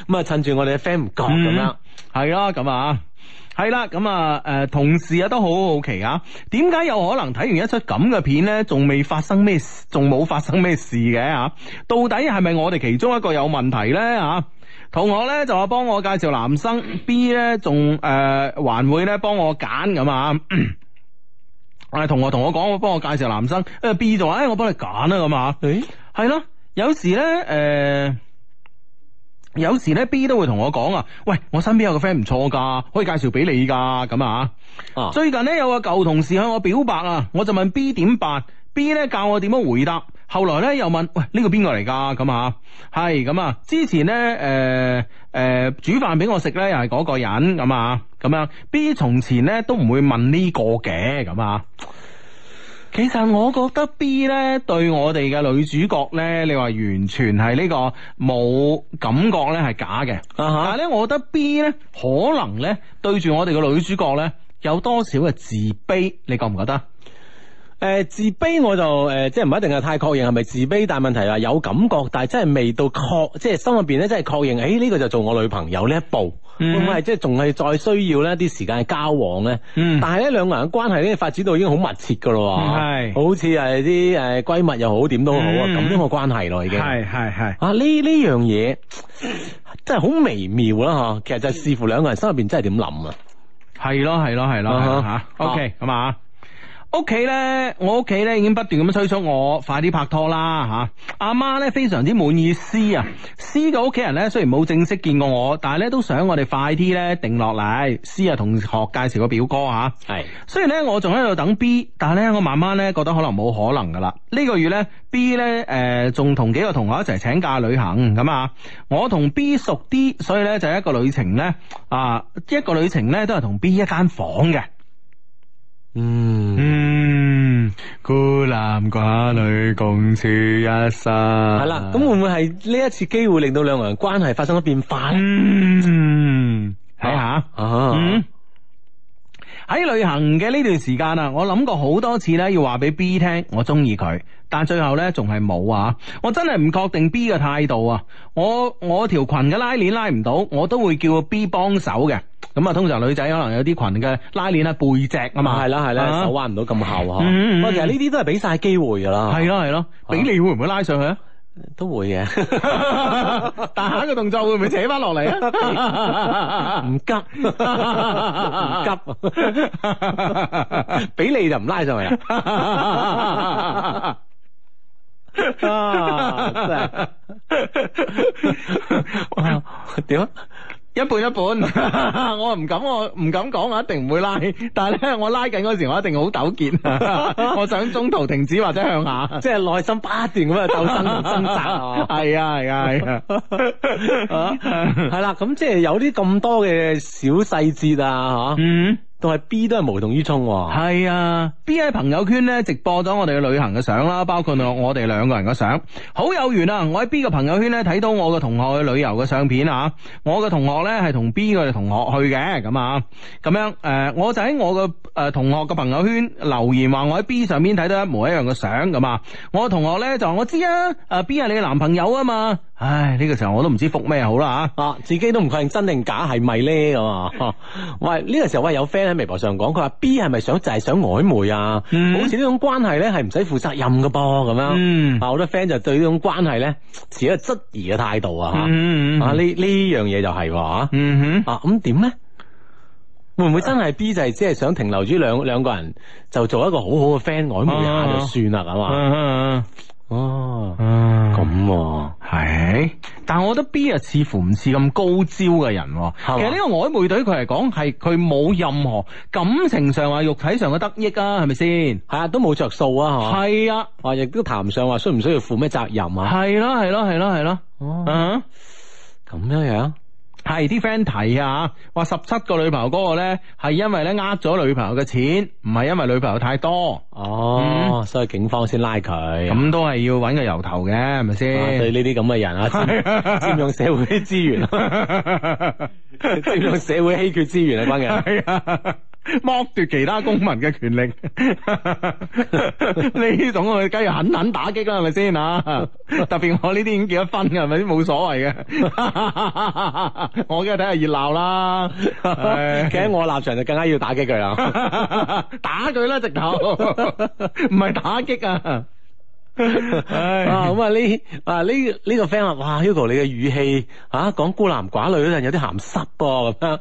咁啊，趁住我哋嘅 friend 唔覺咁樣，係咯，咁啊，係啦，咁啊，誒，同事啊，都好好奇啊，點解有可能睇完一出咁嘅片咧，仲未發生咩，仲冇發生咩事嘅吓，到底係咪我哋其中一個有問題咧吓。同學咧就話幫我介紹男生 B 咧，仲誒還會咧幫我揀咁啊！啊同學同我講，幫我介紹男生，誒 B 就話咧我幫 你揀啦咁啊！誒、欸，係咯，有時咧誒、呃，有時咧 B 都會同我講啊，喂，我身邊有個 friend 唔錯噶，可以介紹俾你噶咁啊！最近咧有個舊同事向我表白啊，我就問 B 點辦？B 咧教我點樣回答？後來咧又問，喂，呢個邊個嚟㗎？咁啊，係咁啊，之前咧誒誒煮飯俾我食咧，又係嗰個人咁啊，咁樣，樣，樣 B 從前咧都唔會問呢個嘅咁啊。其實我覺得 B 咧對我哋嘅女主角咧，你話完全係呢、這個冇感覺咧係假嘅，uh huh. 但係咧，我覺得 B 咧可能咧對住我哋嘅女主角咧有多少嘅自卑，你覺唔覺得？誒，自卑我就誒，即係唔一定係太確認係咪自卑，但係問題係有感覺，但係真係未到確，即係心入邊咧，真係確認，誒呢個就做我女朋友呢一步，會唔會係即係仲係再需要咧啲時間交往咧？但係咧兩個人嘅關係咧發展到已經好密切噶啦，係，好似係啲誒閨蜜又好，點都好啊，咁樣嘅關係咯，已經係係係啊，呢呢樣嘢真係好微妙啦，嗬，其實就係視乎兩個人心入邊真係點諗啊，係咯係咯係咯吓，OK 咁啊。屋企呢，我屋企呢已經不斷咁樣催促我快啲拍拖啦吓，阿媽呢非常之滿意 C 啊，C 個屋企人呢雖然冇正式見過我，但係呢都想我哋快啲呢定落嚟，C 啊同學介紹個表哥吓、啊，係，雖然呢我仲喺度等 B，但係呢我慢慢呢覺得可能冇可能噶啦，呢個月呢 B 呢誒仲同幾個同學一齊請假旅行咁啊，我同 B 熟啲，所以呢就係一個旅程呢。啊一個旅程呢都係同 B 一間房嘅。嗯，孤男寡女共處一生。係啦，咁會唔會係呢一次機會令到兩個人關係發生咗變化咧？嗯，睇下啊。啊喺旅行嘅呢段時間啊，我諗過好多次咧，要話俾 B 聽我中意佢，但最後咧仲係冇啊！我真係唔確定 B 嘅態度啊！我我條裙嘅拉鏈拉唔到，我都會叫 B 幫手嘅。咁啊，通常女仔可能有啲裙嘅拉鏈喺背脊啊嘛，係啦，係啦，手彎唔到咁厚吓。我、啊嗯嗯、其實呢啲都係俾晒機會噶啦。係啦，係啦，俾你會唔會拉上去啊？都會嘅，但下一個動作會唔會扯翻落嚟啊？唔急，唔急，俾你就唔拉上嚟啊！啊，真係哇，點啊？一半一半， 我唔敢，我唔敢講，我一定唔會拉。但係咧，我拉緊嗰時，我一定好糾結。 我想中途停止或者向下， 即係內心不斷咁樣鬥爭掙扎，係嘛？係啊，係啊，係啊，係啦。咁即係有啲咁多嘅小細節啊，吓、mm。嗯、hmm.。仲係 B 都係無動於衷係啊，啊，B 喺朋友圈咧直播咗我哋嘅旅行嘅相啦，包括我哋兩個人嘅相，好有緣啊！我喺 B 嘅朋友圈咧睇到我嘅同、啊、同、同學去旅遊嘅相片啊，我嘅同學咧係同 B 嘅同學去嘅，咁啊，咁樣誒，我就喺我嘅誒、呃、同學嘅朋友圈留言話，我喺 B 上面睇到一模一樣嘅相，咁啊，我同學咧就話我知啊，誒 B 係你嘅男朋友啊嘛、啊，唉呢、這個時候我都唔知復咩好啦吓，啊自己都唔確認真定假係咪咧咁啊，是是呢 喂呢、這個時候喂有 friend。微博上講，佢話 B 係咪想就係、是、想曖昧啊？嗯、好似呢種關係咧，係唔使負責任噶噃咁樣。嗯，啊好多 friend 就對呢種關係咧，持一個質疑嘅態度啊。嗯哼嗯哼啊呢呢樣嘢就係、啊，吓、嗯、哼啊咁點咧？會唔會真係 B 就係只係想停留住兩兩個人就做一個好好嘅 friend 曖昧下就算啦，咁嘛、啊？嗯哦，咁係、啊，是但係我覺得 B 啊，似乎唔似咁高招嘅人。其實呢個曖昧對佢嚟講，係佢冇任何感情上話、肉體上嘅得益啊，係咪先？係啊，都冇着數啊，係嘛？係啊，啊，亦都談上話需唔需要負咩責任啊？係咯、啊，係咯、啊，係咯、啊，係咯、啊，嗯、啊，咁、啊、樣樣。係啲 friend 提啊，話十七個女朋友嗰個咧，係因為咧呃咗女朋友嘅錢，唔係因為女朋友太多。哦，所以警方先拉佢。咁都係要揾個由頭嘅，係咪先？對呢啲咁嘅人啊，佔 用社會資源，佔 用社會稀缺資源啊，關鍵。 剝奪其他公民嘅權力， 呢種我梗係狠狠打擊啦，係咪先啊？特別我呢啲已經結咗婚嘅，係咪都冇所謂嘅？我梗係睇下熱鬧啦，企喺我立場就更加要打擊佢啦，打佢啦吧直頭，唔係打擊啊， 啊！咁、嗯、啊呢、這個這個、啊呢呢個 friend 話：，哇，Yuko 你嘅語氣啊，講孤男寡女陣有啲鹹濕噃。嗱、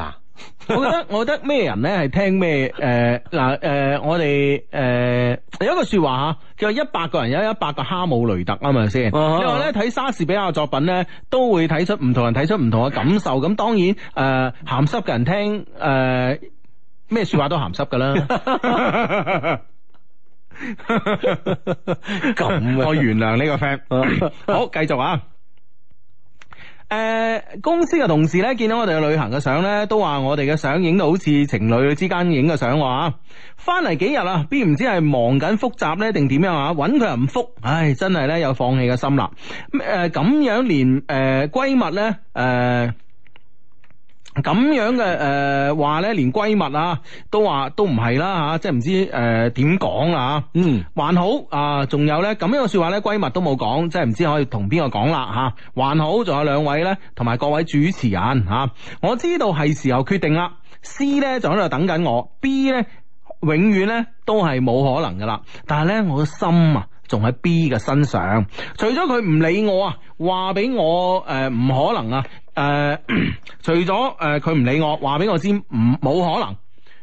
啊。 我覺得我覺得咩人咧係聽咩誒嗱誒我哋誒、呃、有一個說話吓叫做一百個人有一百個哈姆雷特啊嘛先，因為咧睇莎士比亞作品咧都會睇出唔同人睇出唔同嘅感受，咁當然誒咸濕嘅人聽誒咩、呃、說話都咸濕噶啦，咁我原諒呢個 friend， 好繼續啊。誒、呃，公司嘅同事咧見到我哋嘅旅行嘅相咧，都話我哋嘅相影到好似情侶之間影嘅相喎吓。翻嚟幾日啊，邊唔、啊、知係忙緊複雜呢定點樣啊？揾佢又唔復，唉，真係咧有放棄嘅心啦。誒、呃，咁樣連誒閨蜜咧誒。呃咁樣嘅誒話咧，連閨蜜啊都話都唔係啦吓、啊，即係唔知誒點講啦，嗯，還好啊，仲、呃、有咧咁樣嘅說話咧，閨蜜都冇講，即係唔知可以同邊個講啦吓、啊。還好仲有兩位咧，同埋各位主持人吓、啊，我知道係時候決定啦。C 咧就喺度等緊我，B 咧永遠咧都係冇可能噶啦，但係咧我嘅心啊。仲喺 B 嘅身上，除咗佢唔理我啊，話俾我誒唔可能啊，誒，除咗誒佢唔理我，話俾我先，唔、呃、冇可能。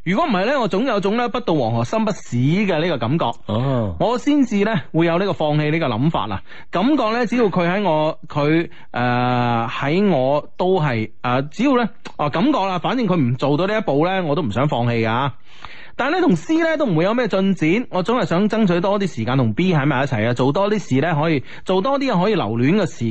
如果唔係呢，呃、我，我，我總有種呢「不到黃河心不死」嘅呢個感覺。Oh. 我先至呢會有呢個放棄呢個諗法啊。感覺呢，只要佢喺我，佢誒喺我都係誒、呃，只要呢哦、呃、感覺啦，反正佢唔做到呢一步呢，我都唔想放棄噶。但係咧同 C 咧都唔會有咩進展，我總係想爭取多啲時間同 B 喺埋一齊啊，做多啲事咧，可以做多啲可以留戀嘅事。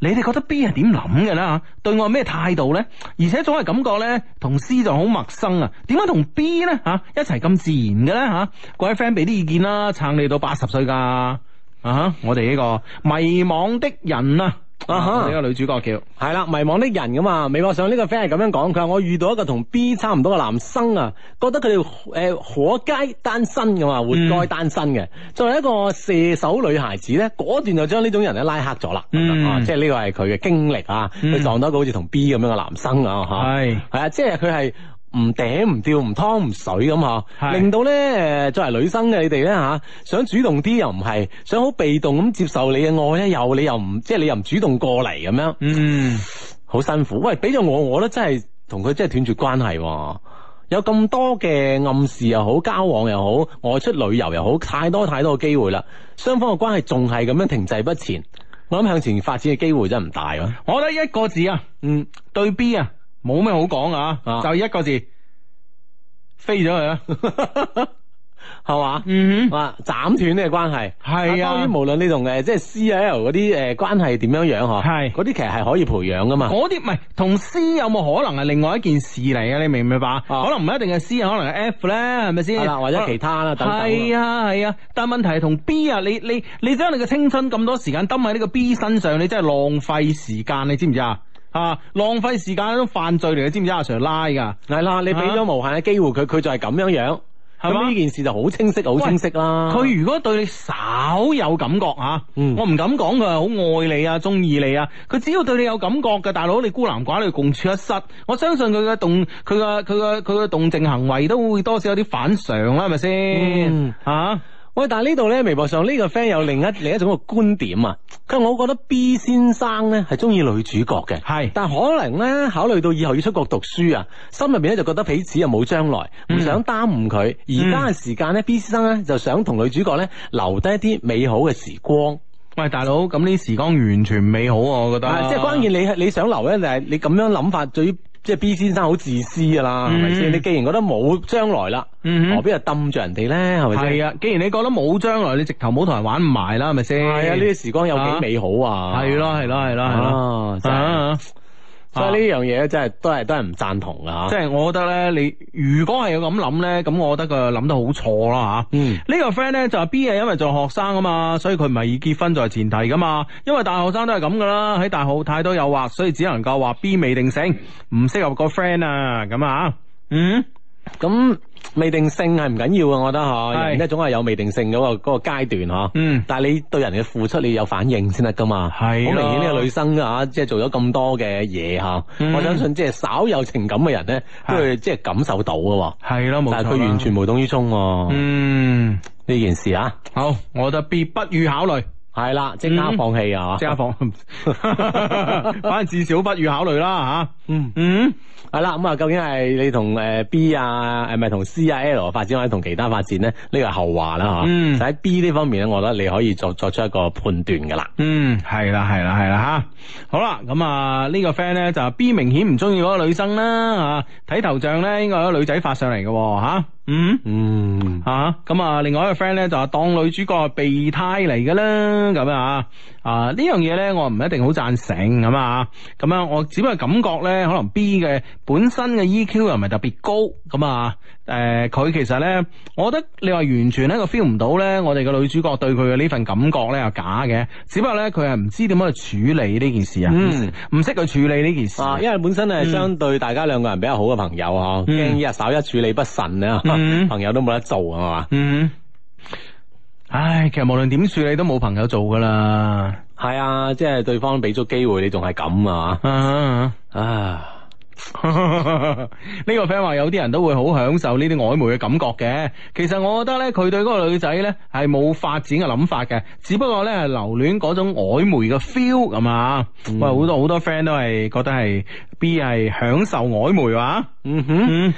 你哋覺得 B 係點諗嘅咧？對我咩態度咧？而且總係感覺咧同 C 就好陌生啊，點解同 B 咧吓、啊、一齊咁自然嘅咧吓？各位 friend 俾啲意見啦，撐你到八十歲噶啊！Uh-huh, 我哋呢個迷惘的人啊！啊哈！呢、啊、個女主角叫係啦，啊啊、迷惘的人咁嘛。微博上呢個 friend 係咁樣講，佢話、嗯、我遇到一個同 B 差唔多嘅男生啊，覺得佢哋誒活該單身嘅嘛，活該單身嘅。作為一個射手女孩子咧，果斷就將呢種人咧拉黑咗啦。啊，即係呢個係佢嘅經歷啊，佢撞到一個好似同 B 咁樣嘅男生啊，吓係係啊，即係佢係。唔頂唔吊、唔湯唔水咁嗬，嗯、令到呢誒，作為女生嘅你哋呢，吓、啊，想主動啲又唔係，想好被動咁接受你嘅愛呢又你又唔，即係你又唔主動過嚟咁樣，嗯，好辛苦。喂，俾咗我我都真係同佢真係斷絕關係、啊，有咁多嘅暗示又好，交往又好，外出旅遊又好，太多太多嘅機會啦。雙方嘅關係仲係咁樣停滯不前，我諗向前發展嘅機會真係唔大咯、啊。我覺得一個字啊，嗯，對 B 啊。冇咩好講啊！就一個字，飛咗佢啦，係嘛？嗯，斬斷你關係啊，斬斷呢個關係係啊。無論你同誒即係 C L 嗰啲誒關係點樣樣嗬，係嗰啲其實係可以培養噶嘛。嗰啲唔係同 C 有冇可能係另外一件事嚟啊，你明唔明白啊？可能唔一定係 C，可能係 F 咧，係咪先？或者其他啦，等等。係啊，係啊，但係問題同 B 啊，你你你將你嘅青春咁多時間抌喺呢個 B 身上，你真係浪費時間，你知唔知啊？費知知啊！浪費時間都犯罪嚟，你知唔知阿 Sir 拉噶？係啦，你俾咗無限嘅機會佢，佢就係咁樣樣。係咪呢件事就好清晰、好清晰啦？佢如果對你稍有感覺吓，啊嗯、我唔敢講佢係好愛你啊、中意你啊。佢只要對你有感覺嘅，大佬你孤男寡女共處一室，我相信佢嘅動、佢嘅、佢嘅、佢嘅動靜行為都會多少有啲反常啦，係咪先吓？啊喂，但係呢度呢，微博上呢個 friend 有另一另一種嘅觀點啊。佢話我覺得 B 先生呢係中意女主角嘅，係是但可能呢考慮到以後要出國讀書啊，心入面咧就覺得彼此又冇將來，唔想耽誤佢。而家嘅時間呢、嗯、B 先生呢就想同女主角呢留低一啲美好嘅時光。喂，大佬，咁呢啲時光完全唔美好，我覺得。即係關鍵你，你你想留咧，就係你咁樣諗法，對於。即係 B 先生好自私㗎啦，係咪先？你既然覺得冇將來啦，何必又氹住人哋咧？係咪先？係啊，既然你覺得冇將來，你直頭冇同人玩唔埋啦，係咪先？係啊，呢啲時光有幾美好啊！係咯係咯係咯係咯。的所以呢樣嘢真係都係都係唔讚同噶。即係我覺得呢，你如果係要咁諗呢，咁我覺得佢諗得好錯啦吓。呢、啊嗯、個 friend 呢，就係、B，係因為做學生啊嘛，所以佢唔係以結婚作為前提噶嘛。因為大學生都係咁噶啦，喺大學太多誘惑，所以只能夠話 B 未定性，唔適合個 friend 啊咁啊。嗯。咁未定性係唔緊要啊，我覺得嗬，人咧總係有未定性嘅嗰個階段嗬。嗯，但係你對人嘅付出，你要有反應先得噶嘛。係，好明顯呢個女生啊，即係做咗咁多嘅嘢吓，我相信即係稍有情感嘅人咧，都會即係感受到噶。係咯，冇錯。但係佢完全無動於衷。嗯，呢件事啊，好，我就別不予考慮。係啦，即刻放棄啊，即刻放棄。反正至少不予考慮啦，吓。嗯。嗯。係啦，咁啊，究竟係你同誒 B 啊，係咪同 C 啊 L 發展，或者同其他發展咧？呢個係後話啦吓。就喺 B 呢方面咧，我覺得你可以做作出一個判斷噶啦。嗯，係啦，係啦，係啦吓。好啦，咁啊呢個 friend 咧就係 B 明顯唔中意嗰個女生啦吓，睇頭像咧應該係個女仔發上嚟嘅吓。啊嗯嗯啊，咁啊，另外一個 friend 咧就話當女主角係備胎嚟噶啦，咁啊啊呢樣嘢咧，我唔一定好贊成咁啊。咁、啊、樣、啊、我只不過感覺咧，可能 B 嘅本身嘅 EQ 又唔係特別高，咁啊誒，佢、啊呃、其實咧，我覺得你話完全咧個 feel 唔到咧，我哋嘅女主角對佢嘅呢份感覺咧係假嘅，只不過咧佢係唔知點樣去處理呢件事、嗯、啊，唔識去處理呢件事，因為本身係相對大家兩個人比較好嘅朋友嗬，驚、嗯、日手一處理不慎啊。嗯，朋友都冇得做係嘛，嗯，唉，其實無論點說你都冇朋友做噶啦，係啊，即係對方俾咗機會，你仲係咁啊，啊，呢唉 個 friend 話有啲人都會好享受呢啲曖昧嘅感覺嘅，其實我覺得咧，佢對嗰個女仔咧係冇發展嘅諗法嘅，只不過咧係留戀嗰種曖昧嘅 feel 咁啊，喂、嗯，好多好多 friend 都係覺得係 B 係享受曖昧啊。嗯哼。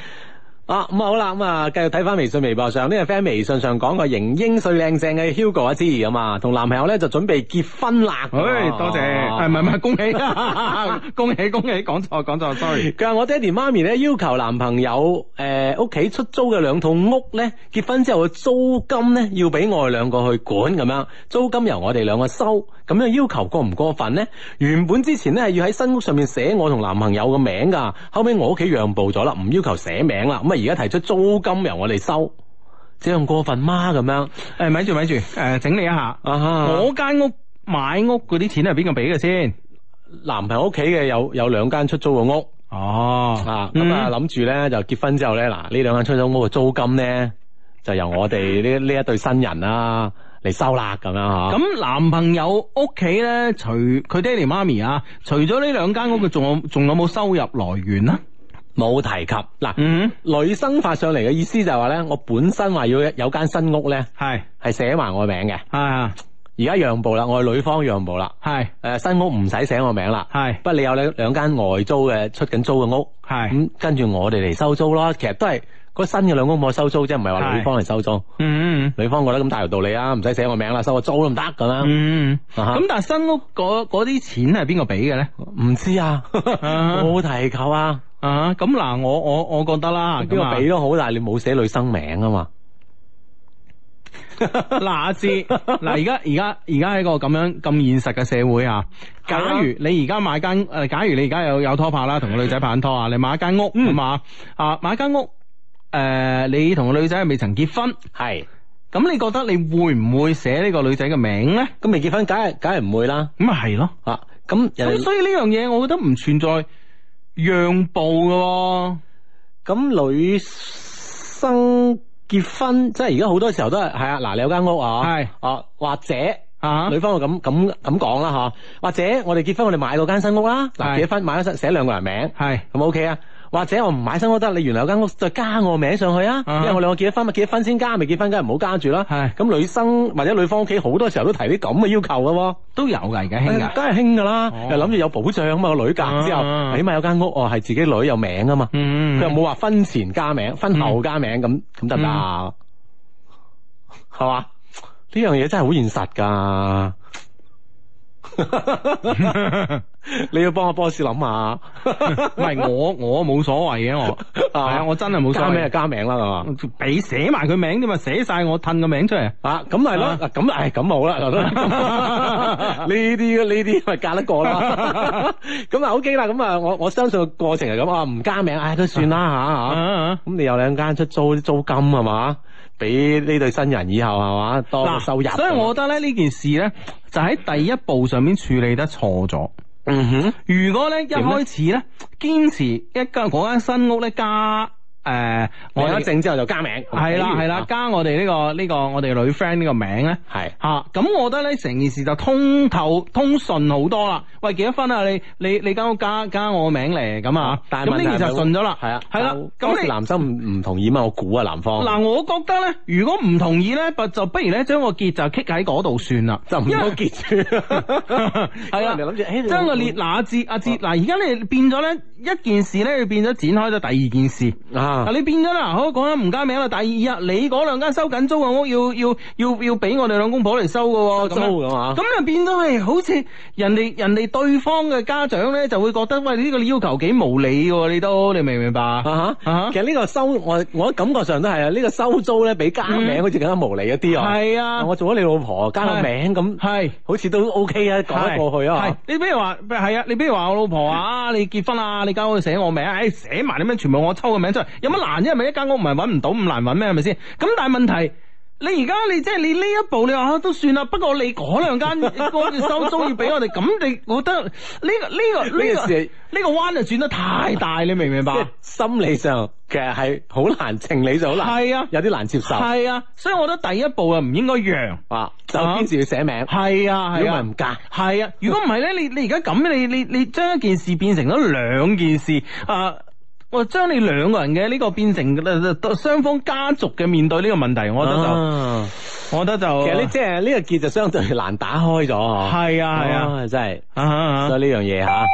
啊，咁啊好啦，咁啊繼續睇翻微信、微博上呢個 friend，微信上講個型英帥靚正嘅 Hugo 阿芝啊嘛，同男朋友咧就準備結婚啦，多謝，唔係唔係恭喜，恭喜恭喜，講錯講錯，sorry。佢話我爹哋媽咪咧要求男朋友誒屋企出租嘅兩套屋咧，結婚之後嘅租金咧要俾我哋兩個去管咁樣，租金由我哋兩個收。咁啊，要求過唔過分呢？原本之前咧係要喺新屋上面寫我同男朋友嘅名噶後尾我屋企讓步咗啦，唔要求寫名啦。咁啊，而家提出租金由我哋收，這樣過分嗎？咁樣誒，咪住咪住，誒、呃，整理一下。啊、哈我間屋買屋嗰啲錢係邊個俾嘅先？男朋友屋企嘅有有兩間出租嘅屋。哦，啊，咁啊，諗住呢，就結婚之後呢，嗱呢兩間出租屋嘅租金呢，就由我哋呢呢一對新人啦、啊。嚟收啦，咁樣嗬。咁、嗯、男朋友屋企咧，除佢爹哋媽咪啊，除咗呢兩間屋嘅，仲有仲有冇收入來源啊？冇提及。嗱，嗯、哼女生發上嚟嘅意思就係話咧，我本身話要有間新屋咧，係係寫埋我名嘅。係的。而家讓步啦，我係女方讓步啦。係的。誒、呃，新屋唔使寫我名啦。係的。不過，你有兩兩間外租嘅出緊租嘅屋。係的。咁的、嗯、跟住我哋嚟收租啦，其實都係。個新嘅兩公婆收租，即係唔係話女方嚟收租？嗯嗯，女方覺得咁大條道理啊，唔使寫我名啦，收個租都唔得㗎啦。嗯，咁但係新屋嗰嗰啲錢係邊個俾嘅咧？唔知啊，冇提及啊。啊，咁嗱，我我我覺得啦，邊個俾都好，但係你冇寫女生名啊嘛。嗱，阿志，嗱，而家而家而家喺個咁樣咁現實嘅社會啊，假如你而家買間誒，假如你而家有有拖拍啦，同個女仔拍緊拖啊，你買一間屋，嗯嘛，啊買一間屋。誒，你同個女仔未曾結婚，係，咁你覺得你會唔會寫呢個女仔嘅名咧？咁未結婚，梗係梗係唔會啦。咁咪係咯，啊，咁咁所以呢樣嘢，我覺得唔存在讓步嘅。咁女生結婚，即係而家好多時候都係係啊，嗱，你有間屋啊，係，哦，或者啊，女方就咁咁咁講啦，吓，或者我哋結婚，我哋買嗰間新屋啦，嗱，結婚買咗新，寫兩個人名，係，係咪 OK 啊？或者我唔買新屋得，你原來有間屋，再加我名上去啊。因為我兩個結咗婚，咪結咗婚先加，未結咗婚梗係唔好加住啦。係咁是，女生或者女方屋企好多時候都提啲咁嘅要求噶，都有噶，而家興噶，梗係興噶啦。哦、又諗住有保障啊嘛，個女嫁之後、嗯、起碼有間屋哦，係自己女有名啊嘛。佢、嗯、又冇話婚前加名，婚後加名咁咁得唔得啊，係嘛、嗯？呢樣嘢、嗯、 真係好現實噶。 你要幫個 b 士 s 諗下， 唔係我我冇所謂嘅我，係 啊我真係冇加名啊加名啦係嘛，俾寫埋佢名點啊寫晒我褪嘅名出嚟啊咁咪咯，咁唉咁好啦，呢啲呢啲咪夾得過啦，咁啊 ok 啦，咁啊我我相信個過程係咁啊唔加名唉都算啦吓，咁你有兩間出租啲租金係嘛。俾呢對新人以後係嘛，多個收入，啊，所以我覺得咧呢件事呢，就喺、是、第一步上面處理得錯咗。嗯哼，如果呢，呢一開始呢，堅持一間嗰間新屋呢，加。誒，我一證之後就加名，係啦係啦，加我哋呢個呢個我哋女 friend 呢個名咧，係吓咁，我覺得咧成件事就通透通順好多啦。喂，幾多分啊，你你你間屋加加我個名嚟咁啊，咁呢件事就順咗啦。係啊，係啦，咁你男生唔唔同意啊？我估啊，男方。嗱，我覺得咧，如果唔同意咧，就不如咧將個結就棘喺嗰度算啦，就唔應該結住。係啊，諗住將個列嗱阿哲阿哲，嗱而家你變咗咧，一件事咧，佢變咗展開咗第二件事啊。嗱、啊、你變咗啦，好講緊唔加名啦，第二日，你嗰兩間收緊租嘅屋要要要要俾我哋兩公婆嚟收嘅喎、哦，租咁啊，咁就變咗係好似人哋人哋對方嘅家長咧就會覺得喂呢、這個要求幾無理喎，你都你明唔明白其實呢個收我我感覺上都係啊，呢、這個收租咧比加名好似更加無理一啲、嗯、啊！係啊，我做咗你老婆加個名咁，係是好似都 OK 說說是啊，講得過去啊！你譬如話係啊，你譬如話我老婆啊，你結婚啊，你梗係要寫我名啊，誒、欸、寫埋你咩全部我抽個名出嚟。有乜難啫？係咪一間屋唔係搵唔到唔難搵咩？係咪先？咁但係問題，你而家你即係你呢一步，你話都算啦。不過你嗰兩間嗰收租要俾我哋，咁你我覺得呢、這個呢、這個呢、這個呢、這個彎、這個、就轉得太大，你明唔明白？心理上其實係好難，情理就好難，係啊，有啲難接受，係啊。所以我覺得第一步應該讓啊，唔應該讓啊，就堅持要寫名，係啊，係啊，唔夾，係啊， 啊。如果唔係咧，你你而家咁，你你你將一件事變成咗兩件事啊。我將你兩個人嘅，呢個變成誒，雙方家族嘅面對呢個問題，我覺得就，啊、我覺得就，其實呢，即係呢個結就相對難打開咗嗬。係啊係吧，啊，真係，啊啊啊、所以呢樣嘢吓。啊